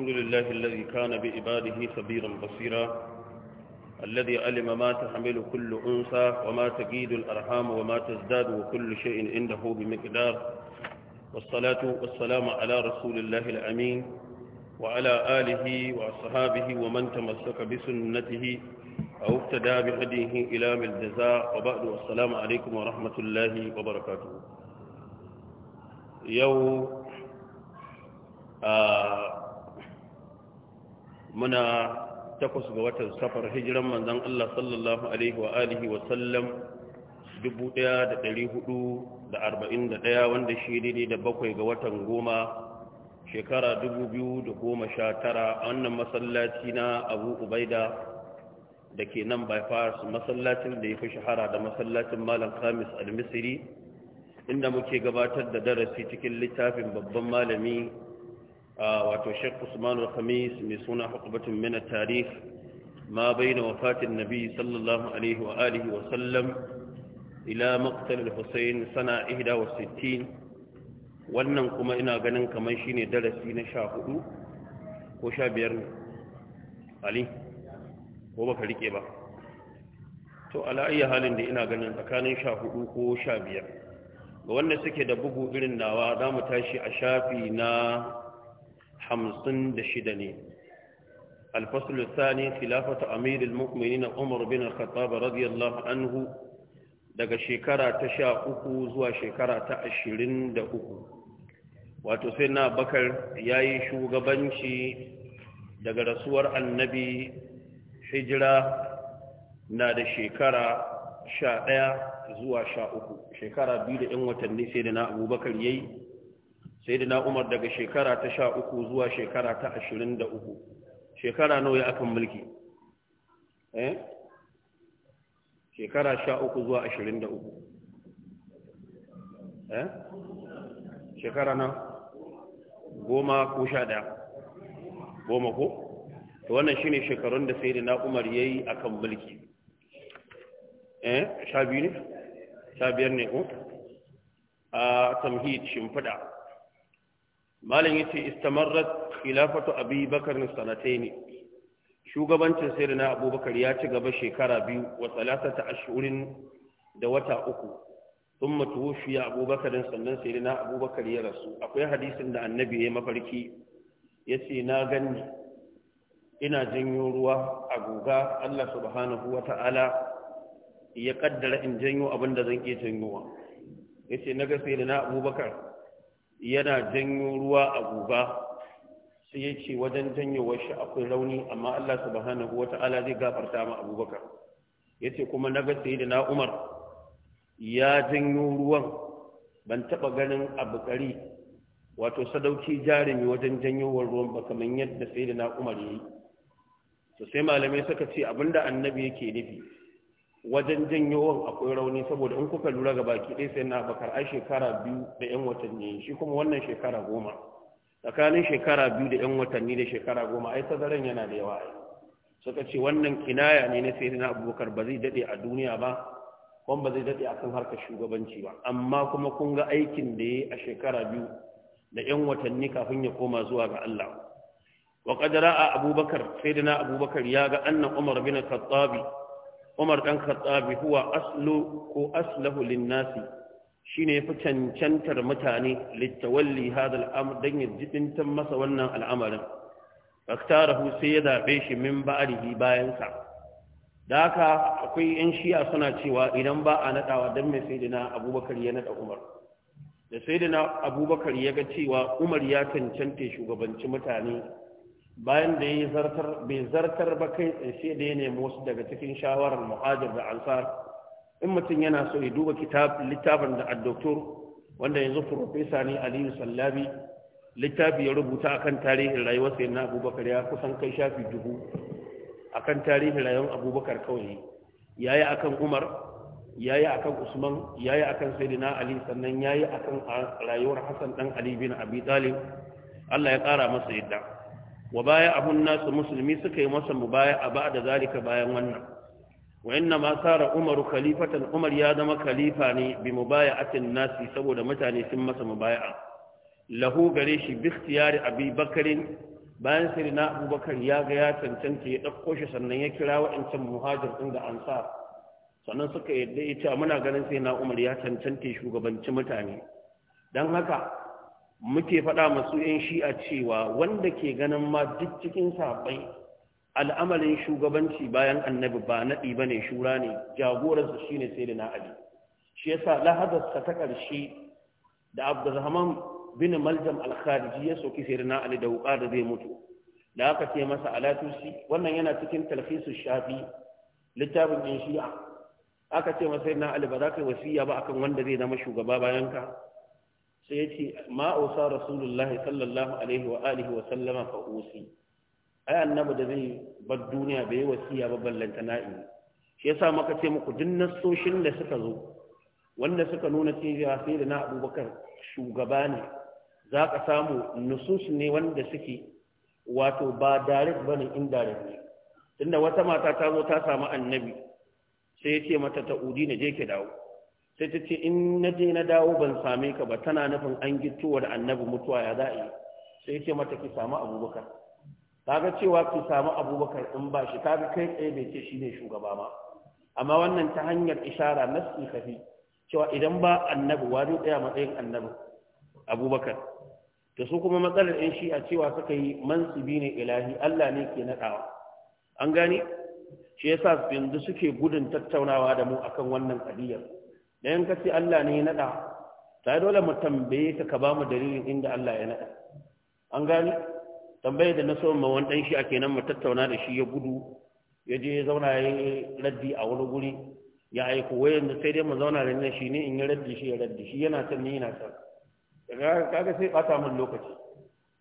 الحمد لله الذي كان بإباده خبيرا بصيرا الذي علم ما تحمل كل أنثى وما تقيد الأرحام وما تزداد وكل شيء عنده بمقدار والصلاة والسلام على رسول الله الأمين وعلى آله وأصحابه ومن تمسك بسنته أو اقتدى بهديه إلى من الجزاء وبعد والسلام عليكم ورحمة الله وبركاته يوم آه muna takwas ga watan safar hijiran manzan Allah sallallahu alaihi wa alihi 1441 wanda shi daidai da bakwai ga watan goma shekara 2019 a wannan masallaci na abu ubaida da ke nan bypass masallacin da ya fi shahara da masallacin malam khamis al-misri inda muke gabatar da darasi cikin littafin babban malami wato Sheikh Usman al-Khamis mai suna hukubatun mina at ma bayna wafatin Nabi sallallahu alaihi wa alihi wa sallam ila maqtal al-Husayn sana 61 wannan kuma ina ganin kamar shine darasi na 14 ko 15 Ali ko baka rike ba to ala ayyi halin da ina ganin tsakanin 14 ko 15 ga wanda suke da bugu irin nawa za mu tashi a shafi na hamsin da shida ne الفصل الثاني خلافة أمير المؤمنين عمر بن الخطاب رضي الله عنه daga shekara ta sha uku zuwa shekara ta ashirin da uku wato sai na bakar ya yi shugabanci daga rasuwar annabi hijira na da shekara sha ɗaya zuwa sha uku shekara biyu da 'yan watanni sai da na abubakar ya yi sayyidina Umar daga shekara ta sha uku zuwa shekara ta ashirin da uku. shekara nawa akan mulki eh shekara uku zuwa ashirin da eh shekara na goma ko sha daya goma ko to wannan shine shekarun da sayyidina Umar yi akan mulki eh sha biyu ne sha biyar ne ko a tamhid shimfida malam yace istamarrat khilafatu abi bakr sanatayn shugabancin sayyidina abubakar ya ci gaba shekara biyu wa salatata ashurin da wata uku thumma tuwfiya abubakar sannan sayyidina abubakar ya rasu akwai hadisin da annabi ya mafarki yace na ganni ina janyo ruwa a goga Allah subhanahu wa ta'ala ya kaddara in janyo abinda zan iya janyowa yace naga sayyidina abubakar yana janyo ruwa a guba sai ya ce wajen janyowar shi akwai rauni amma Allah subhanahu wa ta'ala zai gafarta ma abubakar ya ce kuma na ga sai da na umar ya janyo ruwan ban taba ganin abu kari wato sadauki jarumi wajen janyowar ruwan ba kamar yadda sai da na umar ya yi to sai malamai suka ce abinda annabi yake nufi wajen janyowan akwai rauni saboda in kuka lura ga baki ɗaya sai na bakar ai shekara biyu da yan watanni shi kuma wannan shekara goma tsakanin shekara biyu da yan watanni da shekara goma ai tazaran yana da yawa ai suka ce wannan kinaya ne na sayyidina abubakar ba zai daɗe a duniya ba kuma ba zai daɗe akan harkar shugabanci ba amma kuma kun ga aikin da ya yi a shekara biyu da yan watanni kafin ya koma zuwa ga Allah wa qad ra'a abubakar sayyidina abubakar ya ga Annan, umar bin khattabi Umar ɗan Khattabi huwa aslu ko aslahu linnasi shine yafi cancantar mutane littawalli hadal amr dan masa wannan al'amarin faktarahu sai ya zaɓe shi min ba'rihi bayan sa da haka akwai yan shi'a suna cewa idan ba a nadawa dan mai sayyidina Abubakar ya nada Umar da sayyidina Abubakar ya ga cewa Umar ya cancanta shugabanci mutane bayan da ya zartar bai zartar ba kai tsaye da ya nemi wasu daga cikin shawarar muhajir da ansar in mutum yana so ya duba kitab littafin da addoktor wanda yanzu profesa ne aliyu sallabi littafi ya rubuta akan tarihin rayuwar sayan na abubakar ya kusan kai shafi dubu akan tarihin rayuwar abubakar kawai ya a akan umar ya a akan usman ya yayi akan sayyidina ali sannan ya yayi akan rayuwar hasan dan ali bin abi talib Allah ya kara masa yadda wa baya abun nasu musulmi suka yi masa mubaya a ba da zalika bayan wannan wa inna ma sara umaru khalifatan umar ya zama khalifa ne bi mubaya'atin nasi saboda mutane sun masa mubaya'a lahu gare shi bi ikhtiyari abi bakarin bayan na abubakar ya ga ya cancanta ya ɗauko shi sannan ya kira wa'ancan muhajir ɗin da ansa sannan suka yadda ya ce muna ganin sai na umar ya cancanta shugabanci mutane don haka muke faɗa masu yan shi'a cewa wanda ke ganin ma duk cikin saɓai al'amarin shugabanci bayan annabi ba naɗi ba ne shura ne jagorarsa shi ne sai da na ali shi yasa lahadarsa ta ƙarshe da abdulrahman bin maljam al ya soki sai da na ali da wuƙa da zai mutu da aka ce masa alatusi wannan yana cikin talhisu shafi littafin yan shi'a aka ce masa na ali ba za ka yi wasiya ba akan wanda zai zama shugaba bayan ka sai ya ce ma'ausa rasulullahi sallallahu alaihi wa alihi wa sallama fa usi ai annabi da zai bar duniya bai wasiya ba ballanta na'i shi yasa maka ce muku duk nassoshin da suka zo wanda suka nuna cewa sai da na abubakar shugaba ne za ka samu nusus ne wanda suke wato ba direct in indirect ne tunda wata mata ta zo ta samu annabi sai ya ce mata ta udi na je ki dawo sai ta ce in na je na dawo ban same ka ba tana nufin an gittowa da annabi mutuwa ya za'a yi sai ce mata ki samu abubakar ga cewa ki samu abubakar in ba shi kaga kai tsaye bai ce shine shugaba ba amma wannan ta hanyar ishara na kafi cewa idan ba annabi wa zai tsaya matsayin annabi abubakar da su kuma matsalar yan shi a cewa suka yi mansibi ne ilahi allah ne ke naɗawa an gane shi yasa yanzu suke gudun tattaunawa da mu akan wannan kadiyar da yanka ce Allah ne ya naɗa ta dole mu tambaye ka ka ba mu dalilin inda Allah ya naɗa an gani tambaye da na so ma wani ɗan shi a kenan mu tattauna da shi ya gudu ya je ya zauna ya yi raddi a wani guri ya aiko wayan da sai dai mu zauna da shi ne in ya raddi shi ya raddi shi yana can ni yana can kaga sai ɓata min lokaci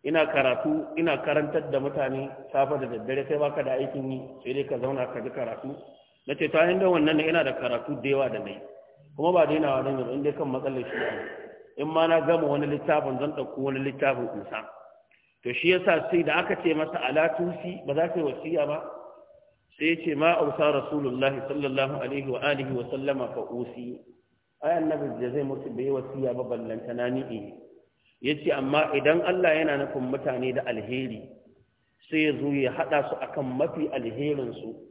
ina karatu ina karantar da mutane safe da daddare sai baka da aikin yi sai dai ka zauna ka ji karatu na ce ta hanyar wannan ne ina da karatu da yawa da nai kuma ba daina wa yanzu inda kan matsalar shi in ma na gama wani littafin zan ɗauko wani littafin kusa to shi yasa sai da aka ce masa ala tusi ba za ka yi wasiya ba sai ce ma ausa rasulullah sallallahu alaihi wa alihi wa sallama fa usi ai annabi da zai mutu bai wasiya ba ballanta na ni yace amma idan Allah yana nufin mutane da alheri sai ya zo ya hada su akan mafi alherin su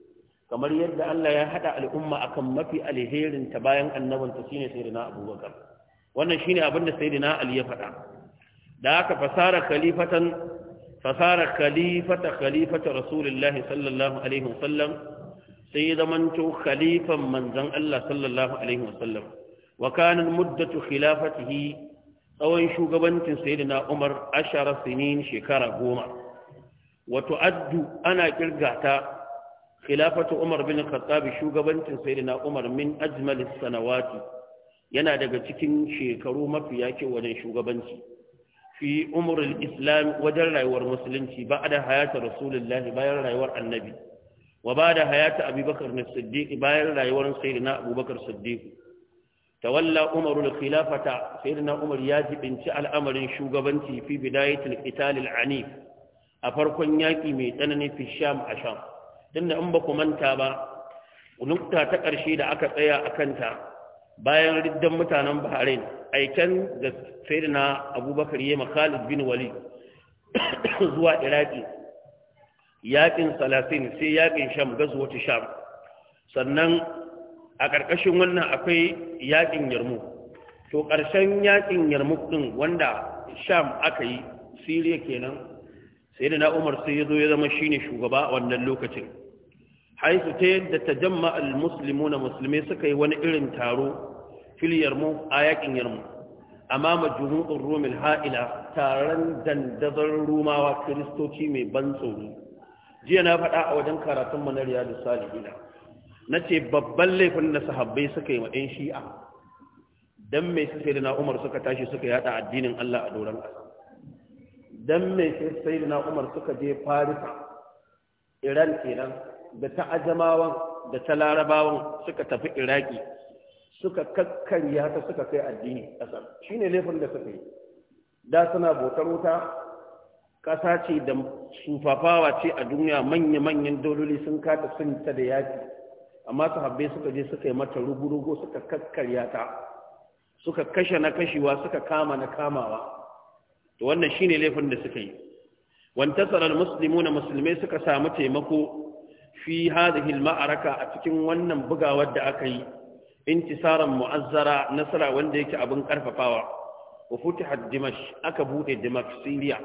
kamar yadda Allah ya haɗa al'umma akan mafi alherin ta bayan ta shine sayyidina Abubakar wannan shine abin da sayyidina Ali ya faɗa da aka fasara khalifatan fasara khalifata khalifata rasulullah sallallahu alaihi wasallam sai ya zamanto khalifan manzon Allah sallallahu alaihi wasallam wa kana muddatu khilafatihi tsawon shugabancin sayyidina Umar ashara sinin shekara goma wato addu ana kirgata khilafatu umar bin khattab shugabancin sayyidina umar min ajmal sanawati yana daga cikin shekaru mafiya kyau wajen shugabanci fi umar islam wajen rayuwar musulunci ba da hayata rasulullah bayan rayuwar annabi wa ba da hayata abubakar na siddiq bayan rayuwar sayyidina abubakar siddiq tawalla umar khilafata sayyidina umar ya jibinci al'amarin shugabanci fi bidayatil qital al anif a farkon yaki mai tsanani fi sham a sham tunda in ba ku manta ba nukta ta ƙarshe da aka tsaya a kanta bayan riddan mutanen bahrain aiken da na abubakar yi khalid bin Wali zuwa iraki yaƙin salasin sai yaƙin sham gazuwatu sham sannan a ƙarƙashin wannan akwai yaƙin yarmu to ƙarshen yaƙin yarmu ɗin wanda sham aka yi siriya kenan sai da na umar sai ya zo ya zama shine shugaba a wannan lokacin haisu ta yadda ta jamma al musulmi na musulmi suka yi wani irin taro filiyar mu a yakin yarmu amma majmu'ur romil ha'ila taron dandazon rumawa kiristoci mai ban tsoro jiya na faɗa a wajen karatun Manariya da riyadu Na ce babban laifin na sahabbai suka yi wa shi'a dan mai sai da na umar suka tashi suka yada addinin Allah a doron ƙasa dan mai sai da na umar suka je farisa iran kenan da ta ajamawan da ta larabawan suka tafi iraki suka kakkarya ta suka kai addini ƙasar shi ne laifin da suka yi da suna bautar wuta ƙasa ce da sufafawa ce a duniya manya-manyan dololi sun kata sun ta da yaki amma su habbe suka je suka yi mata rugurugu suka kakkarya ta suka kashe na kashewa suka kama na kamawa to wannan shi ne laifin da suka yi wantasarar muslimu na musulmai suka samu taimako fi hadhihi al-ma'araka a cikin wannan bugawar da aka yi intisaran mu'azzara nasara wanda yake abin karfafawa wa futihat dimash aka bude dimash siriya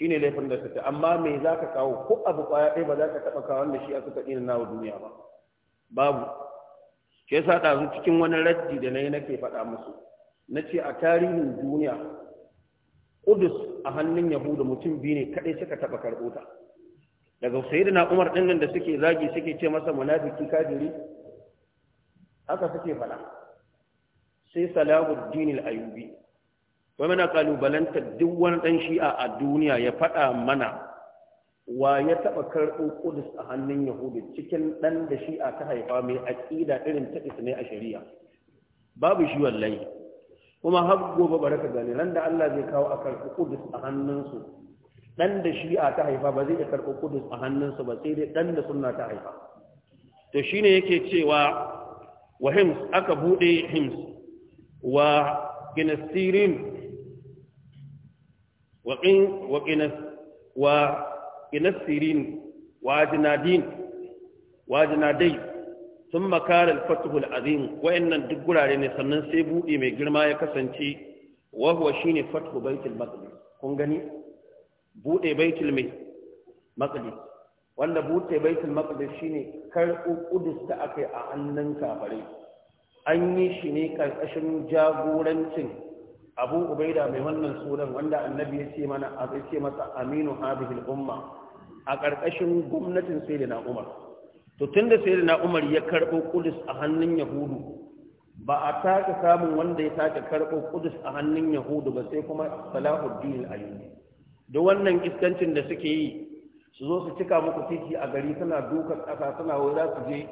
shine laifin da suka amma me zaka kawo ko abu kwaya ɗaya ba za ka taɓa kawo wanda shi aka kaɗi na nawa duniya ba babu shi sa ɗazu cikin wani raddi da na yi nake faɗa musu na ce a tarihin duniya ƙudus a hannun Yahuda mutum biyu ne kaɗai suka taɓa karɓo ta. daga sayyidina Umar din nan da suke zagi suke ce masa munafiki kafiri haka suke fada sai Salahuddin al-Ayyubi wai mana kalubalanta duk wani dan shi'a a duniya ya fada mana wa ya taba karɓo Qudus a hannun Yahudi cikin dan da shi'a ta haifa mai aqida irin ta isne a shari'a babu shi wallahi kuma har gobe baraka gani ran da Allah zai kawo a karɓi ƙudus a hannunsu dan da shi'a ta haifa ba zai da karɓo kudus a hannunsa ba sai dai dan da sunna ta haifa to shine yake cewa wa hims aka bude hims wa kinasirin wa qin wa qinas wa wa jinadin wa jinadai thumma kana al-fathu al-azim wa innan duk gurare ne sannan sai bude mai girma ya kasance wa huwa shine fathu baitul maqdis kun gani bude baitul mai maqdis wanda bude baitul maqdis shine karɓo kudus da aka yi a hannun kafare an yi shi ne karkashin jagorancin abu ubaida mai wannan sunan wanda annabi ya ce mana a ce masa aminu hadhihi umma a karkashin gwamnatin sayyidina umar to tunda sayyidina umar ya karɓo kudus a hannun yahudu ba a taka samun wanda ya taka karɓo kudus a hannun yahudu ba sai kuma salahuddin ayyubi da wannan iskancin da suke yi su zo su cika muku titi a gari suna dukan ƙasa suna wai za su je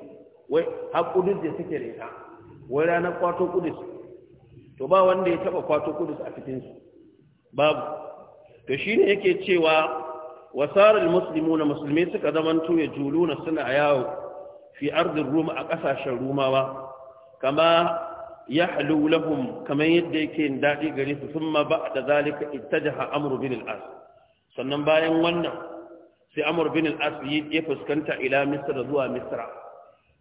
wai har da suke da ita wai ranar kwato kudus to ba wanda ya taba kwato kudus a cikinsu babu to shine yake cewa wasarar musulmi na musulmi suka zaman ya juluna suna yawo fi ardin ruma a ƙasashen rumawa kama ya halu lahum kamar yadda yake daɗi gare su sun ma ba da zalika ittajaha amru bin sannan bayan wannan sai amur bin ya fuskanta ila misra zuwa misra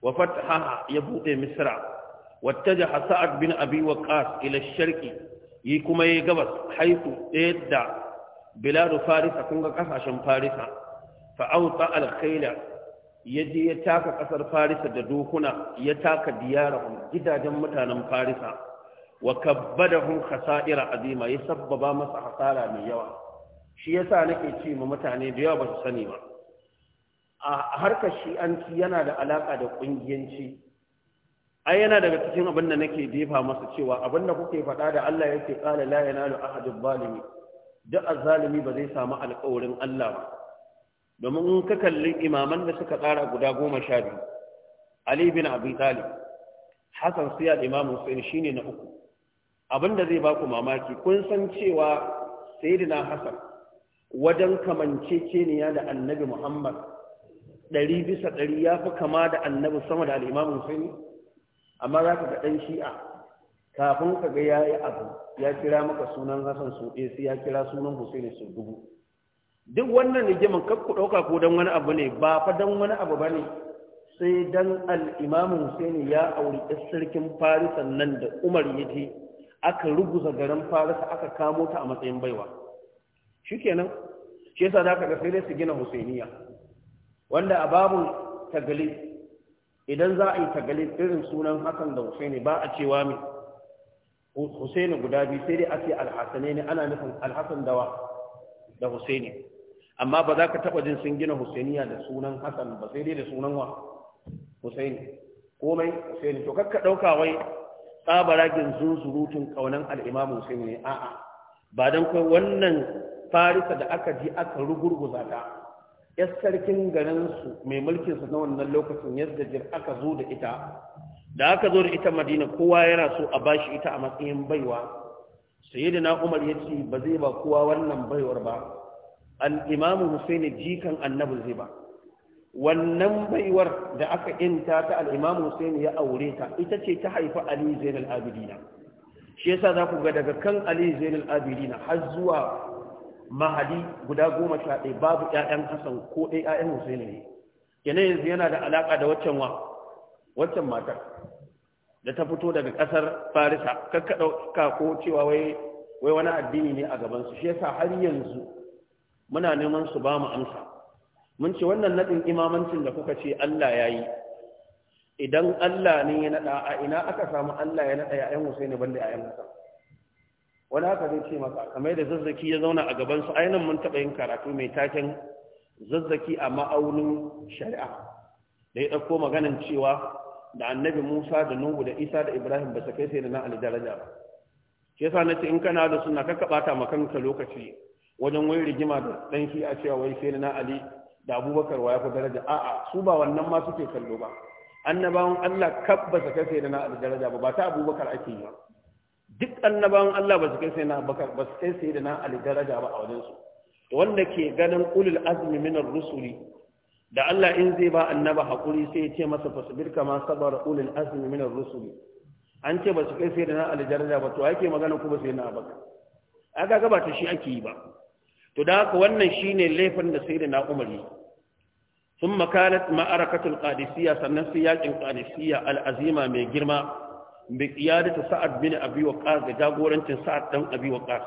wa haha ya bude misra da hasa'ad bin abi waqas ila sharqi yi kuma yi gabas haitu da biladu farisa kunga kasashen farisa fa auta al ya je ya taka kasar farisa da dokuna ya taka diyara gidajen mutanen farisa wa kabbadahum khasa'ira azima ya sabbaba masa hasara mai yawa shi ya yasa nake ce ma mutane da yawa ba su sani ba a harkar shi'anci yana da alaka da ƙungiyanci. ai yana daga cikin abin da nake jefa masa cewa abin da kuke faɗa da Allah yake qala la yanalu ahadul zalimi duk azzalimi ba zai samu alƙawarin Allah ba domin in ka kalli imaman da suka tsara guda goma sha biyu Ali bin Abi Talib Hassan Siyad Imam Hussein shine na uku abin da zai ba ku mamaki kun san cewa Sayyidina Hassan wajen kamanceceniya da annabi Muhammad ɗari bisa ɗari ya fi kama da annabi sama da al'imamun Hussaini amma za ka ɗan shi'a kafin ka ga ya yi abu ya kira maka sunan Hassan su ya kira sunan Hussein su dubu duk wannan da gimin ku ɗauka ko don wani abu ne ba fa don wani abu ba ne sai don al'imamun Saini ya auri sarkin Farisan nan da Umar ya aka rubuta garin Farisa aka kamo ta a matsayin baiwa. shikenan shi yasa zaka ga sai dai su gina husainiya wanda a babun tagali idan za a yi tagali irin sunan Hassan da husaini ba a cewa mai husaini guda biyu sai dai a ce alhassane ne ana nufin alhassan dawa da husaini amma ba za ka taɓa jin sun gina husainiya da sunan hassan ba sai dai da sunan wa husaini komai husaini to kakka ɗauka wai tsabaragen zunzurutun ƙaunan al'imamu husaini ne a'a ba don kai wannan farisa da aka ji aka rugurguza ta yar sarkin garinsu mai mulkin su na wannan lokacin yadda jir aka zo da ita da aka zo da ita madina kowa yana so a bashi ita a matsayin baiwa sayyidina umar ya ce ba zai ba kowa wannan baiwar ba al-imamu husaini jikan annabi zai ba wannan baiwar da aka inta ta al-imamu husaini ya aure ta ita ce ta haifi ali zainal abidina shi yasa za ku ga daga kan ali zainal abidina har zuwa mahadi guda goma sha ɗaya babu ‘ya'yan Hassan ko ɗaya ‘ya'yan Hussaini ne, yana yanzu yana da alaƙa da waccan wa, waccan matar da ta fito daga ƙasar Farisa, kakka ɗauka ko cewa wai wani addini ne a gabansu, shi yasa har yanzu muna neman su ba mu amsa. Mun ce wannan naɗin imamancin da kuka ce Allah ya yi, idan Allah ne ya naɗa a ina aka samu Allah ya naɗa ‘ya'yan ban da ‘ya'yan Hassan. wani haka zai ce masa kamar da zazzaki ya zauna a gaban su ainihin mun taɓa yin karatu mai taken zazzaki a ma'aunin shari'a da ya ɗauko maganin cewa da annabi musa da nuhu da isa da ibrahim ba su kai sai da na daraja ba shi yasa na ce in kana da suna ka ɓata ma kanka lokaci wajen wani rigima da ɗan shi a cewa wai sai na ali da abubakar wa ya fi daraja a'a su ba wannan ma suke kallo ba annabawan allah kab ba su kai sai da na daraja ba ba ta abubakar ake yi ba duk annabawan Allah ba su kai sai na bakar ba su kai sai da na alidaraja ba a wajensu wanda ke ganin ulul azmi minar rusuli da Allah in zai ba annaba hakuri sai ya ce masa fasbir kama sabara ulul azmi minar rusuli an ce ba su kai sai da na alidaraja ba to ake magana kuma sai na bakar ga gaba ta shi ake yi ba to da haka wannan shine laifin da sai da na umari sun makarat ma'arakatul qadisiyya sannan sai yakin qadisiyya al'azima mai girma bi qiyadati sa'ad bin abi waqas da jagorancin sa'ad dan abi waqas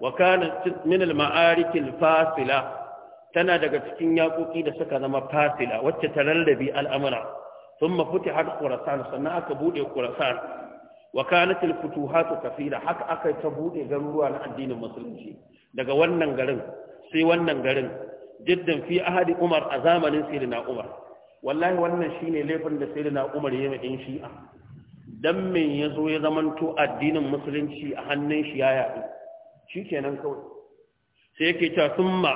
wa kana min al ma'arik al fasila tana daga cikin yakoki da suka zama fasila wacce ta rarrabe al'amura thumma futihat khurasan sannan aka bude khurasan wa kanat al futuhat kafira haka aka ta bude garuruwa na addinin musulunci daga wannan garin sai wannan garin jiddan fi ahadi umar a zamanin sayyidina umar wallahi wannan shine laifin da sayyidina umar ya yi shi'a dan me ya zo ya zamanto addinin musulunci a hannun shi ya yaɗu shi kenan kawai sai yake cewa summa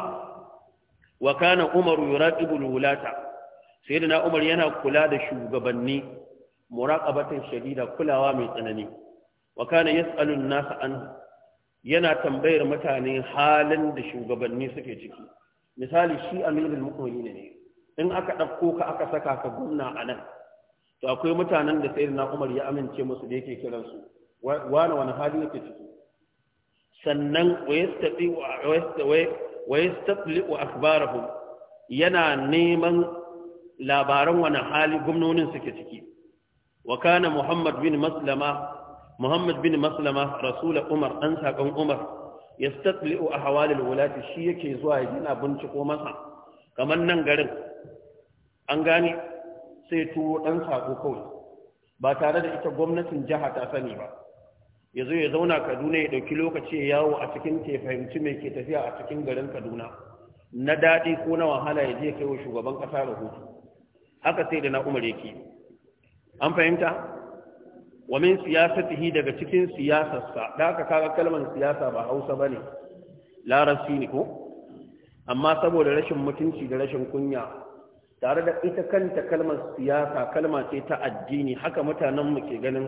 wa kana umar yuraqibu wulata sayyidina umar yana kula da shugabanni muraqabatan shadida kulawa mai tsanani wa kana yas'alu an-nasa an yana tambayar mutane halin da shugabanni suke ciki misali shi amirul mu'minin ne in aka ɗauko ka aka saka ka gwamna anan. to akwai mutanen da na Umar ya amince musu da yake kiran su wani wani hali yake ciki sannan wa yastati wa wa akhbarahum yana neman labaran wani hali gumnonin suke ciki wa kana Muhammad bin Maslama Muhammad bin Maslama rasul Umar dan sakon Umar wa ahwalil wulati shi yake zuwa yana binciko masa kamar nan garin an gane sai tuwo ɗan sako kawai ba tare da ita gwamnatin jiha ta sani ba ya zo ya zauna kaduna ya ɗauki lokaci ya yawo a cikin ke fahimci mai ke tafiya a cikin garin kaduna na daɗi ko na wahala ya je kai wa shugaban ƙasa rahoto haka sai da na umar yake an fahimta wa min siyasatihi daga cikin siyasarsa da aka kaga kalmar siyasa ba hausa bane larabci ne ko amma saboda rashin mutunci da rashin kunya tare da ita kanta kalmar siyasa kalma ce ta addini haka mutanen mu ke ganin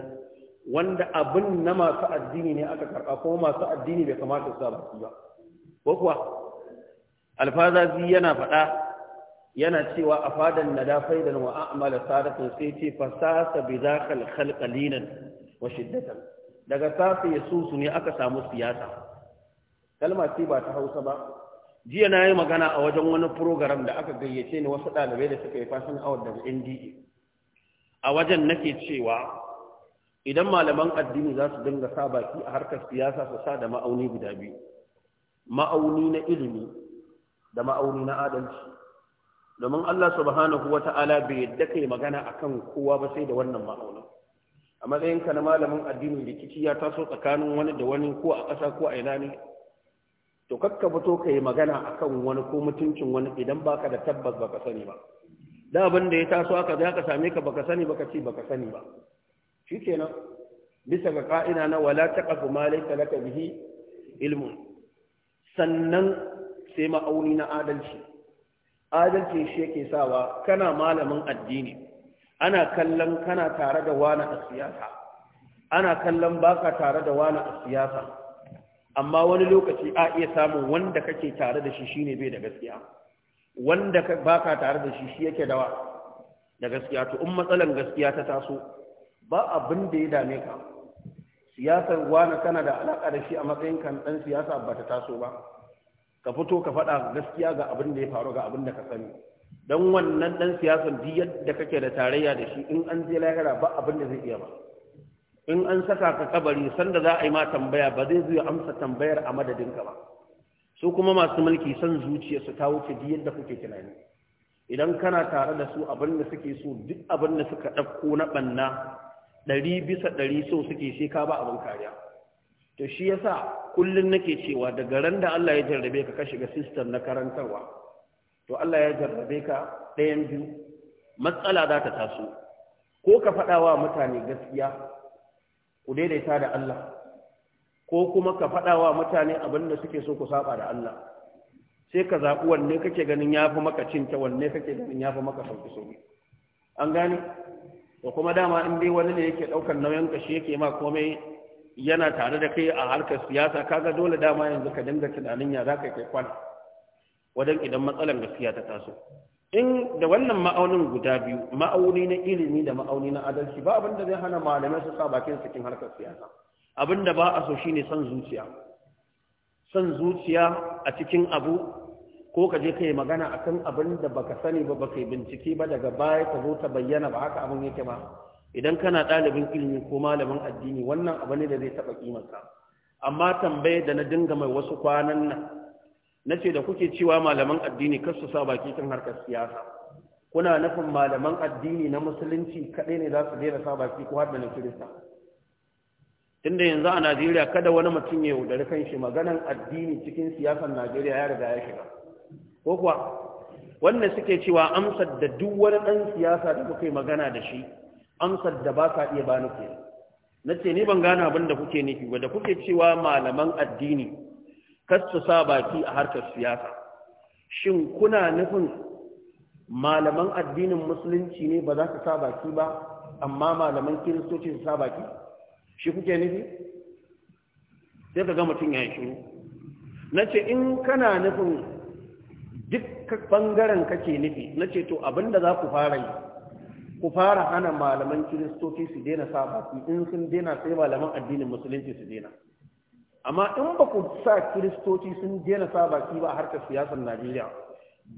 wanda abin na masu addini ne aka karɓa ko masu addini bai kamata su ba ba ko kuwa alfazazi yana faɗa yana cewa a fadan na dafai da wa amala sadatun sai ce fasasa bi zakal khalqalinan wa shiddatan daga sasa yasu su ne aka samu siyasa kalma ce ba ta Hausa ba jiya na yi magana a wajen wani program da aka gayyace ni wasu ɗalibai da suka yi fasin awar daga NDA a wajen nake cewa idan malaman addini za su dinga sa baki a harkar siyasa su sa da ma'auni guda biyu ma'auni na ilimi da ma'auni na adalci domin Allah subhanahu wa ta'ala bai yadda kai magana akan kowa ba sai da wannan ma'aunin a matsayinka na malamin addini rikici ya taso tsakanin wani da wani ko a ƙasa ko a ina ne to kakka fito ka yi magana a kan wani ko mutuncin wani idan baka da tabbas baka sani ba da abin da ya taso aka za ka same ka baka sani baka ce baka sani ba Shi kenan bisa ga ka'ina na wala taqafu ma laysa laka bihi ilmun sannan sai ma'auni na adalci adalci shi yake sawa kana malamin addini ana kallon kana tare da wani siyasa ana kallon baka tare da wani a siyasa amma wani lokaci a iya samun wanda kake tare da shi shine bai da gaskiya wanda baka tare da shi shi yake dawa da gaskiya to in matsalan gaskiya ta taso ba abin da ya dame ka siyasar wani kana da alaka da shi a matsayin kan ɗan siyasa ba ta taso ba ka fito ka faɗa gaskiya ga abin da ya faru ga abin da ka sani don wannan ɗan siyasar duk yadda kake da tarayya da shi in an je lahira ba abin da zai iya ba in an saka ka kabari sanda za a yi ma tambaya ba zai zuwa amsa tambayar a madadin ka ba su kuma masu mulki son zuciya su ta wuce duk yadda kuke tunani idan kana tare da su abin da suke so duk abin da suka ɗauko na banna, ɗari bisa ɗari so suke sai ka ba abin kariya to shi yasa kullum nake cewa daga ran da Allah ya jarrabe ka ka shiga system na karantarwa to Allah ya jarrabe ka ɗayan biyu matsala za ta taso ko ka faɗa wa mutane gaskiya ku daidaita da Allah ko kuma ka faɗa wa mutane abinda suke so ku saba da Allah sai ka zaɓi wanne kake ganin ya fi maka cinta wanne kake ganin ya fi maka sauƙi sauƙi an gane da kuma dama in dai wani ne yake ɗaukar nauyin ka shi yake ma komai yana tare da kai a harkar siyasa kaga dole dama yanzu ka dinga tunanin ya za ka kai kwana wajen idan matsalar gaskiya ta taso in da wannan ma'aunin guda biyu ma'auni na ilimi da ma'auni na adalci ba abin da zai hana malamai su sa bakin cikin harkar siyasa abin da ba a so shine son zuciya son zuciya a cikin abu ko ka je kai magana akan abin da baka sani ba baka bincike ba daga baya ka zo ta bayyana ba haka abin yake ba idan kana ɗalibin ilimi ko malamin addini wannan abu ne da zai taɓa kimarka amma tambaye da na dinga mai wasu kwanan nan na ce da kuke cewa malaman addini kar su sa baki kan harkar siyasa kuna nufin malaman addini na musulunci kaɗai ne za su daina sa baki ko har da na kirista tunda yanzu a najeriya kada wani mutum ya yaudari kan shi maganan addini cikin siyasar najeriya ya riga ya shiga ko kuwa wannan suke cewa amsar da duk wani ɗan siyasa da kuka magana da shi amsar da ba ka iya ba nufi na ce ni ban gane abin da kuke nufi ba da kuke cewa malaman addini kasu sa baki a harkar siyasa shin kuna nufin malaman addinin musulunci ne ba za su sa baki ba amma malaman kiristoci su sa baki shi kuke nufi sai ka ga mutum ya yi shiru na ce in kana nufin duk bangaren kake nufi na ce to abinda za ku fara yi ku fara hana malaman kiristoci su daina sa baki in sun daina sai malaman addinin musulunci su daina amma in ba ku sa kiristoci sun daina sa ba a harkar siyasar najeriya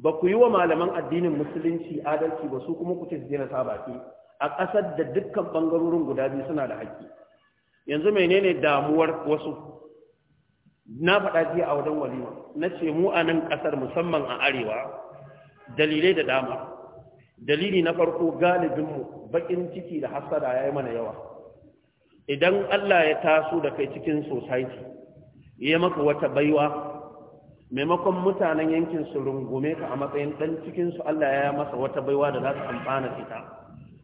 ba ku yi wa malaman addinin musulunci adalci ba su kuma ku ce su daina sa ki a ƙasar da dukkan ɓangarorin guda biyu suna da haƙƙi yanzu menene damuwar wasu na faɗa jiya a wajen walima na ce mu a nan ƙasar musamman a arewa dalilai da dama dalili na farko galibinmu baƙin ciki da hasada ya yi mana yawa idan Allah ya taso da kai cikin society ya maka wata baiwa maimakon mutanen yankin su rungume ka a matsayin dan cikin su Allah ya masa wata baiwa da za su amfana ita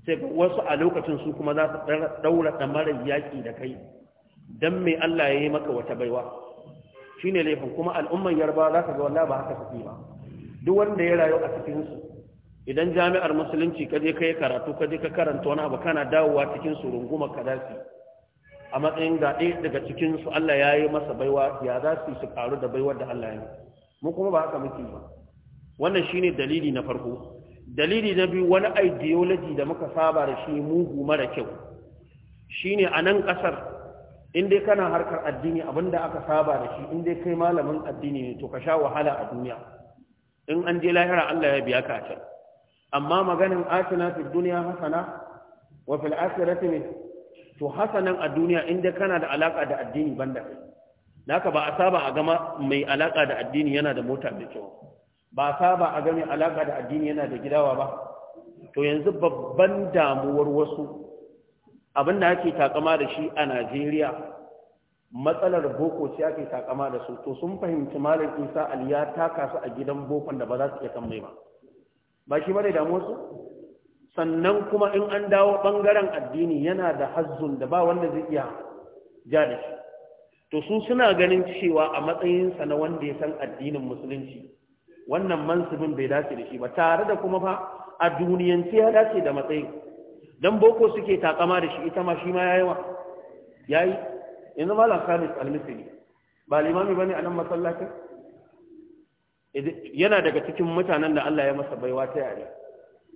sai wasu a lokacin su kuma za su daura damarar yaki da kai dan mai Allah ya yi maka wata baiwa shine laifin kuma al'ummar yarba za ka ga wallahi ba haka suke ba duk wanda ya rayu a cikin su idan jami'ar musulunci ka je ka yi karatu ka je ka karanta wani abu kana dawowa cikin su runguma ka dace a matsayin ga ɗaya daga cikinsu Allah ya yi masa baiwa ya za su su karu da baiwar da Allah ya yi mu kuma ba haka muke ba wannan shine dalili na farko dalili na biyu wani ideology da muka saba da shi mugu mara kyau shine a nan ƙasar in dai kana harkar addini abinda aka saba da shi in dai kai malamin addini ne to ka sha wahala a duniya in an je lahira Allah ya biya ka can amma maganin atina fi duniya hasana wa fil akhirati to hasanan a duniya inda kana da alaka da addini banda kai naka ba a saba a gama mai alaka da addini yana da mota mai kyau ba a saba a gami alaka da addini yana da gidawa ba to yanzu babban damuwar wasu abin da ake takama da shi a Najeriya matsalar boko shi ake takama da su to sun fahimci malam Isa Ali ya taka su a gidan bokon da ba za su iya kan mai ba ba shi bare damuwar su sannan kuma in an dawo ɓangaren addini yana da hazzun da ba wanda zai iya ja da shi to su suna ganin cewa a matsayinsa na wanda ya san addinin musulunci wannan mansubin bai dace da shi ba tare da kuma fa a duniyance ya dace da matsayin dan boko suke takama da shi ita ma shi ma yayi wa yayi yanzu malam khalis al-Misri ba limami bane a nan masallacin yana daga cikin mutanen da Allah ya masa baiwa ta yare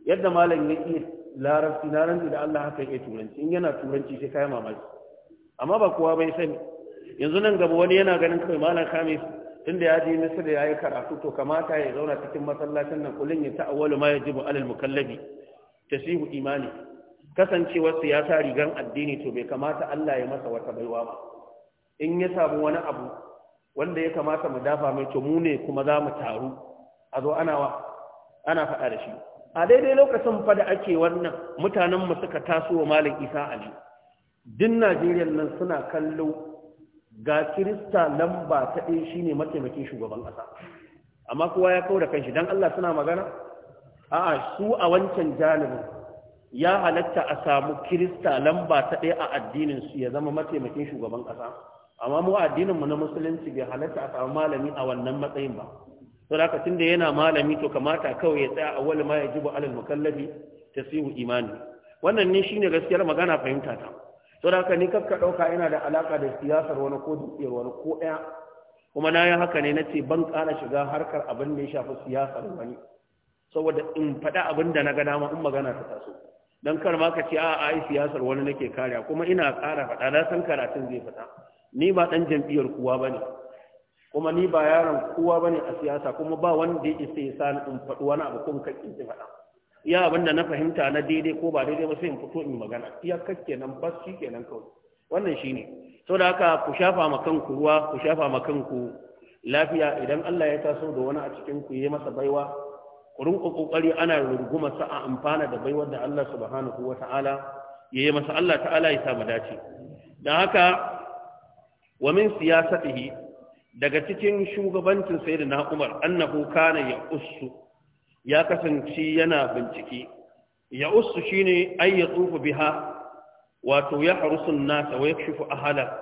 yadda malam ya iya larabci na rantsi da Allah haka ya turanci in yana turanci sai kai mamaki amma ba kowa bai sani yanzu nan gaba wani yana ganin kai malam khamis inda ya je misir ya yi karatu to kamata ya zauna cikin masallacin nan kullun ya ta'awwalu ma yajibu alal mukallabi tasihu imani kasancewar siyasa rigan addini to bai kamata Allah ya masa wata baiwa ba in ya samu wani abu wanda ya kamata mu dafa mai to mu ne kuma za mu taru a zo ana ana faɗa da shi a daidai lokacin fa ake wannan mutanen suka taso wa malam isa ali din najeriya nan suna kallo ga kirista lamba ta ɗaya shine mataimakin shugaban ƙasa amma kowa ya kawo da kanshi dan Allah suna magana a'a su a wancan janibin ya halatta a samu kirista lamba ta ɗaya a addinin su ya zama mataimakin shugaban ƙasa amma mu addinin mu na musulunci bai halatta a samu malami a wannan matsayin ba tun da yana malami to kamata kawai ya tsaya awwal ma ya yajibu alal mukallafi tasihu imani wannan ne shine gaskiyar magana fahimta ta saboda haka ni kakka dauka ina da alaka da siyasar wani ko dukiyar wani ko daya kuma na yi haka ne na ce ban kana shiga harkar abin da ya shafi siyasar wani saboda in faɗa abin da na ga dama in magana ta taso don kar ma ka ce a ai siyasar wani nake kariya kuma ina ƙara faɗa na san karatun zai fita ni ba ɗan jam'iyyar kuwa bane ne kuma ni ba yaron kowa bane a siyasa kuma ba wanda ya isa ya sa in faɗi wani abu kuma kakkin ki faɗa iya abin na fahimta na daidai ko ba daidai ba sai in fito in magana iya kakke nan bas shi ke nan kawai wannan shine saboda haka ku shafa ma kanku ruwa ku shafa ma kanku lafiya idan Allah ya taso da wani a cikin ku yi masa baiwa ku rinka kokari ana ruguma sa a amfana da baiwar da Allah subhanahu Ta'ala ya yi masa Allah ta'ala ya sa mu dace dan haka wa min siyasatihi daga cikin shugabancin sayyidina Umar annahu kana ya ussu ya kasance yana bincike ya ussu shine ay yatufu biha wato ya harusun nasa wa yakshifu ahala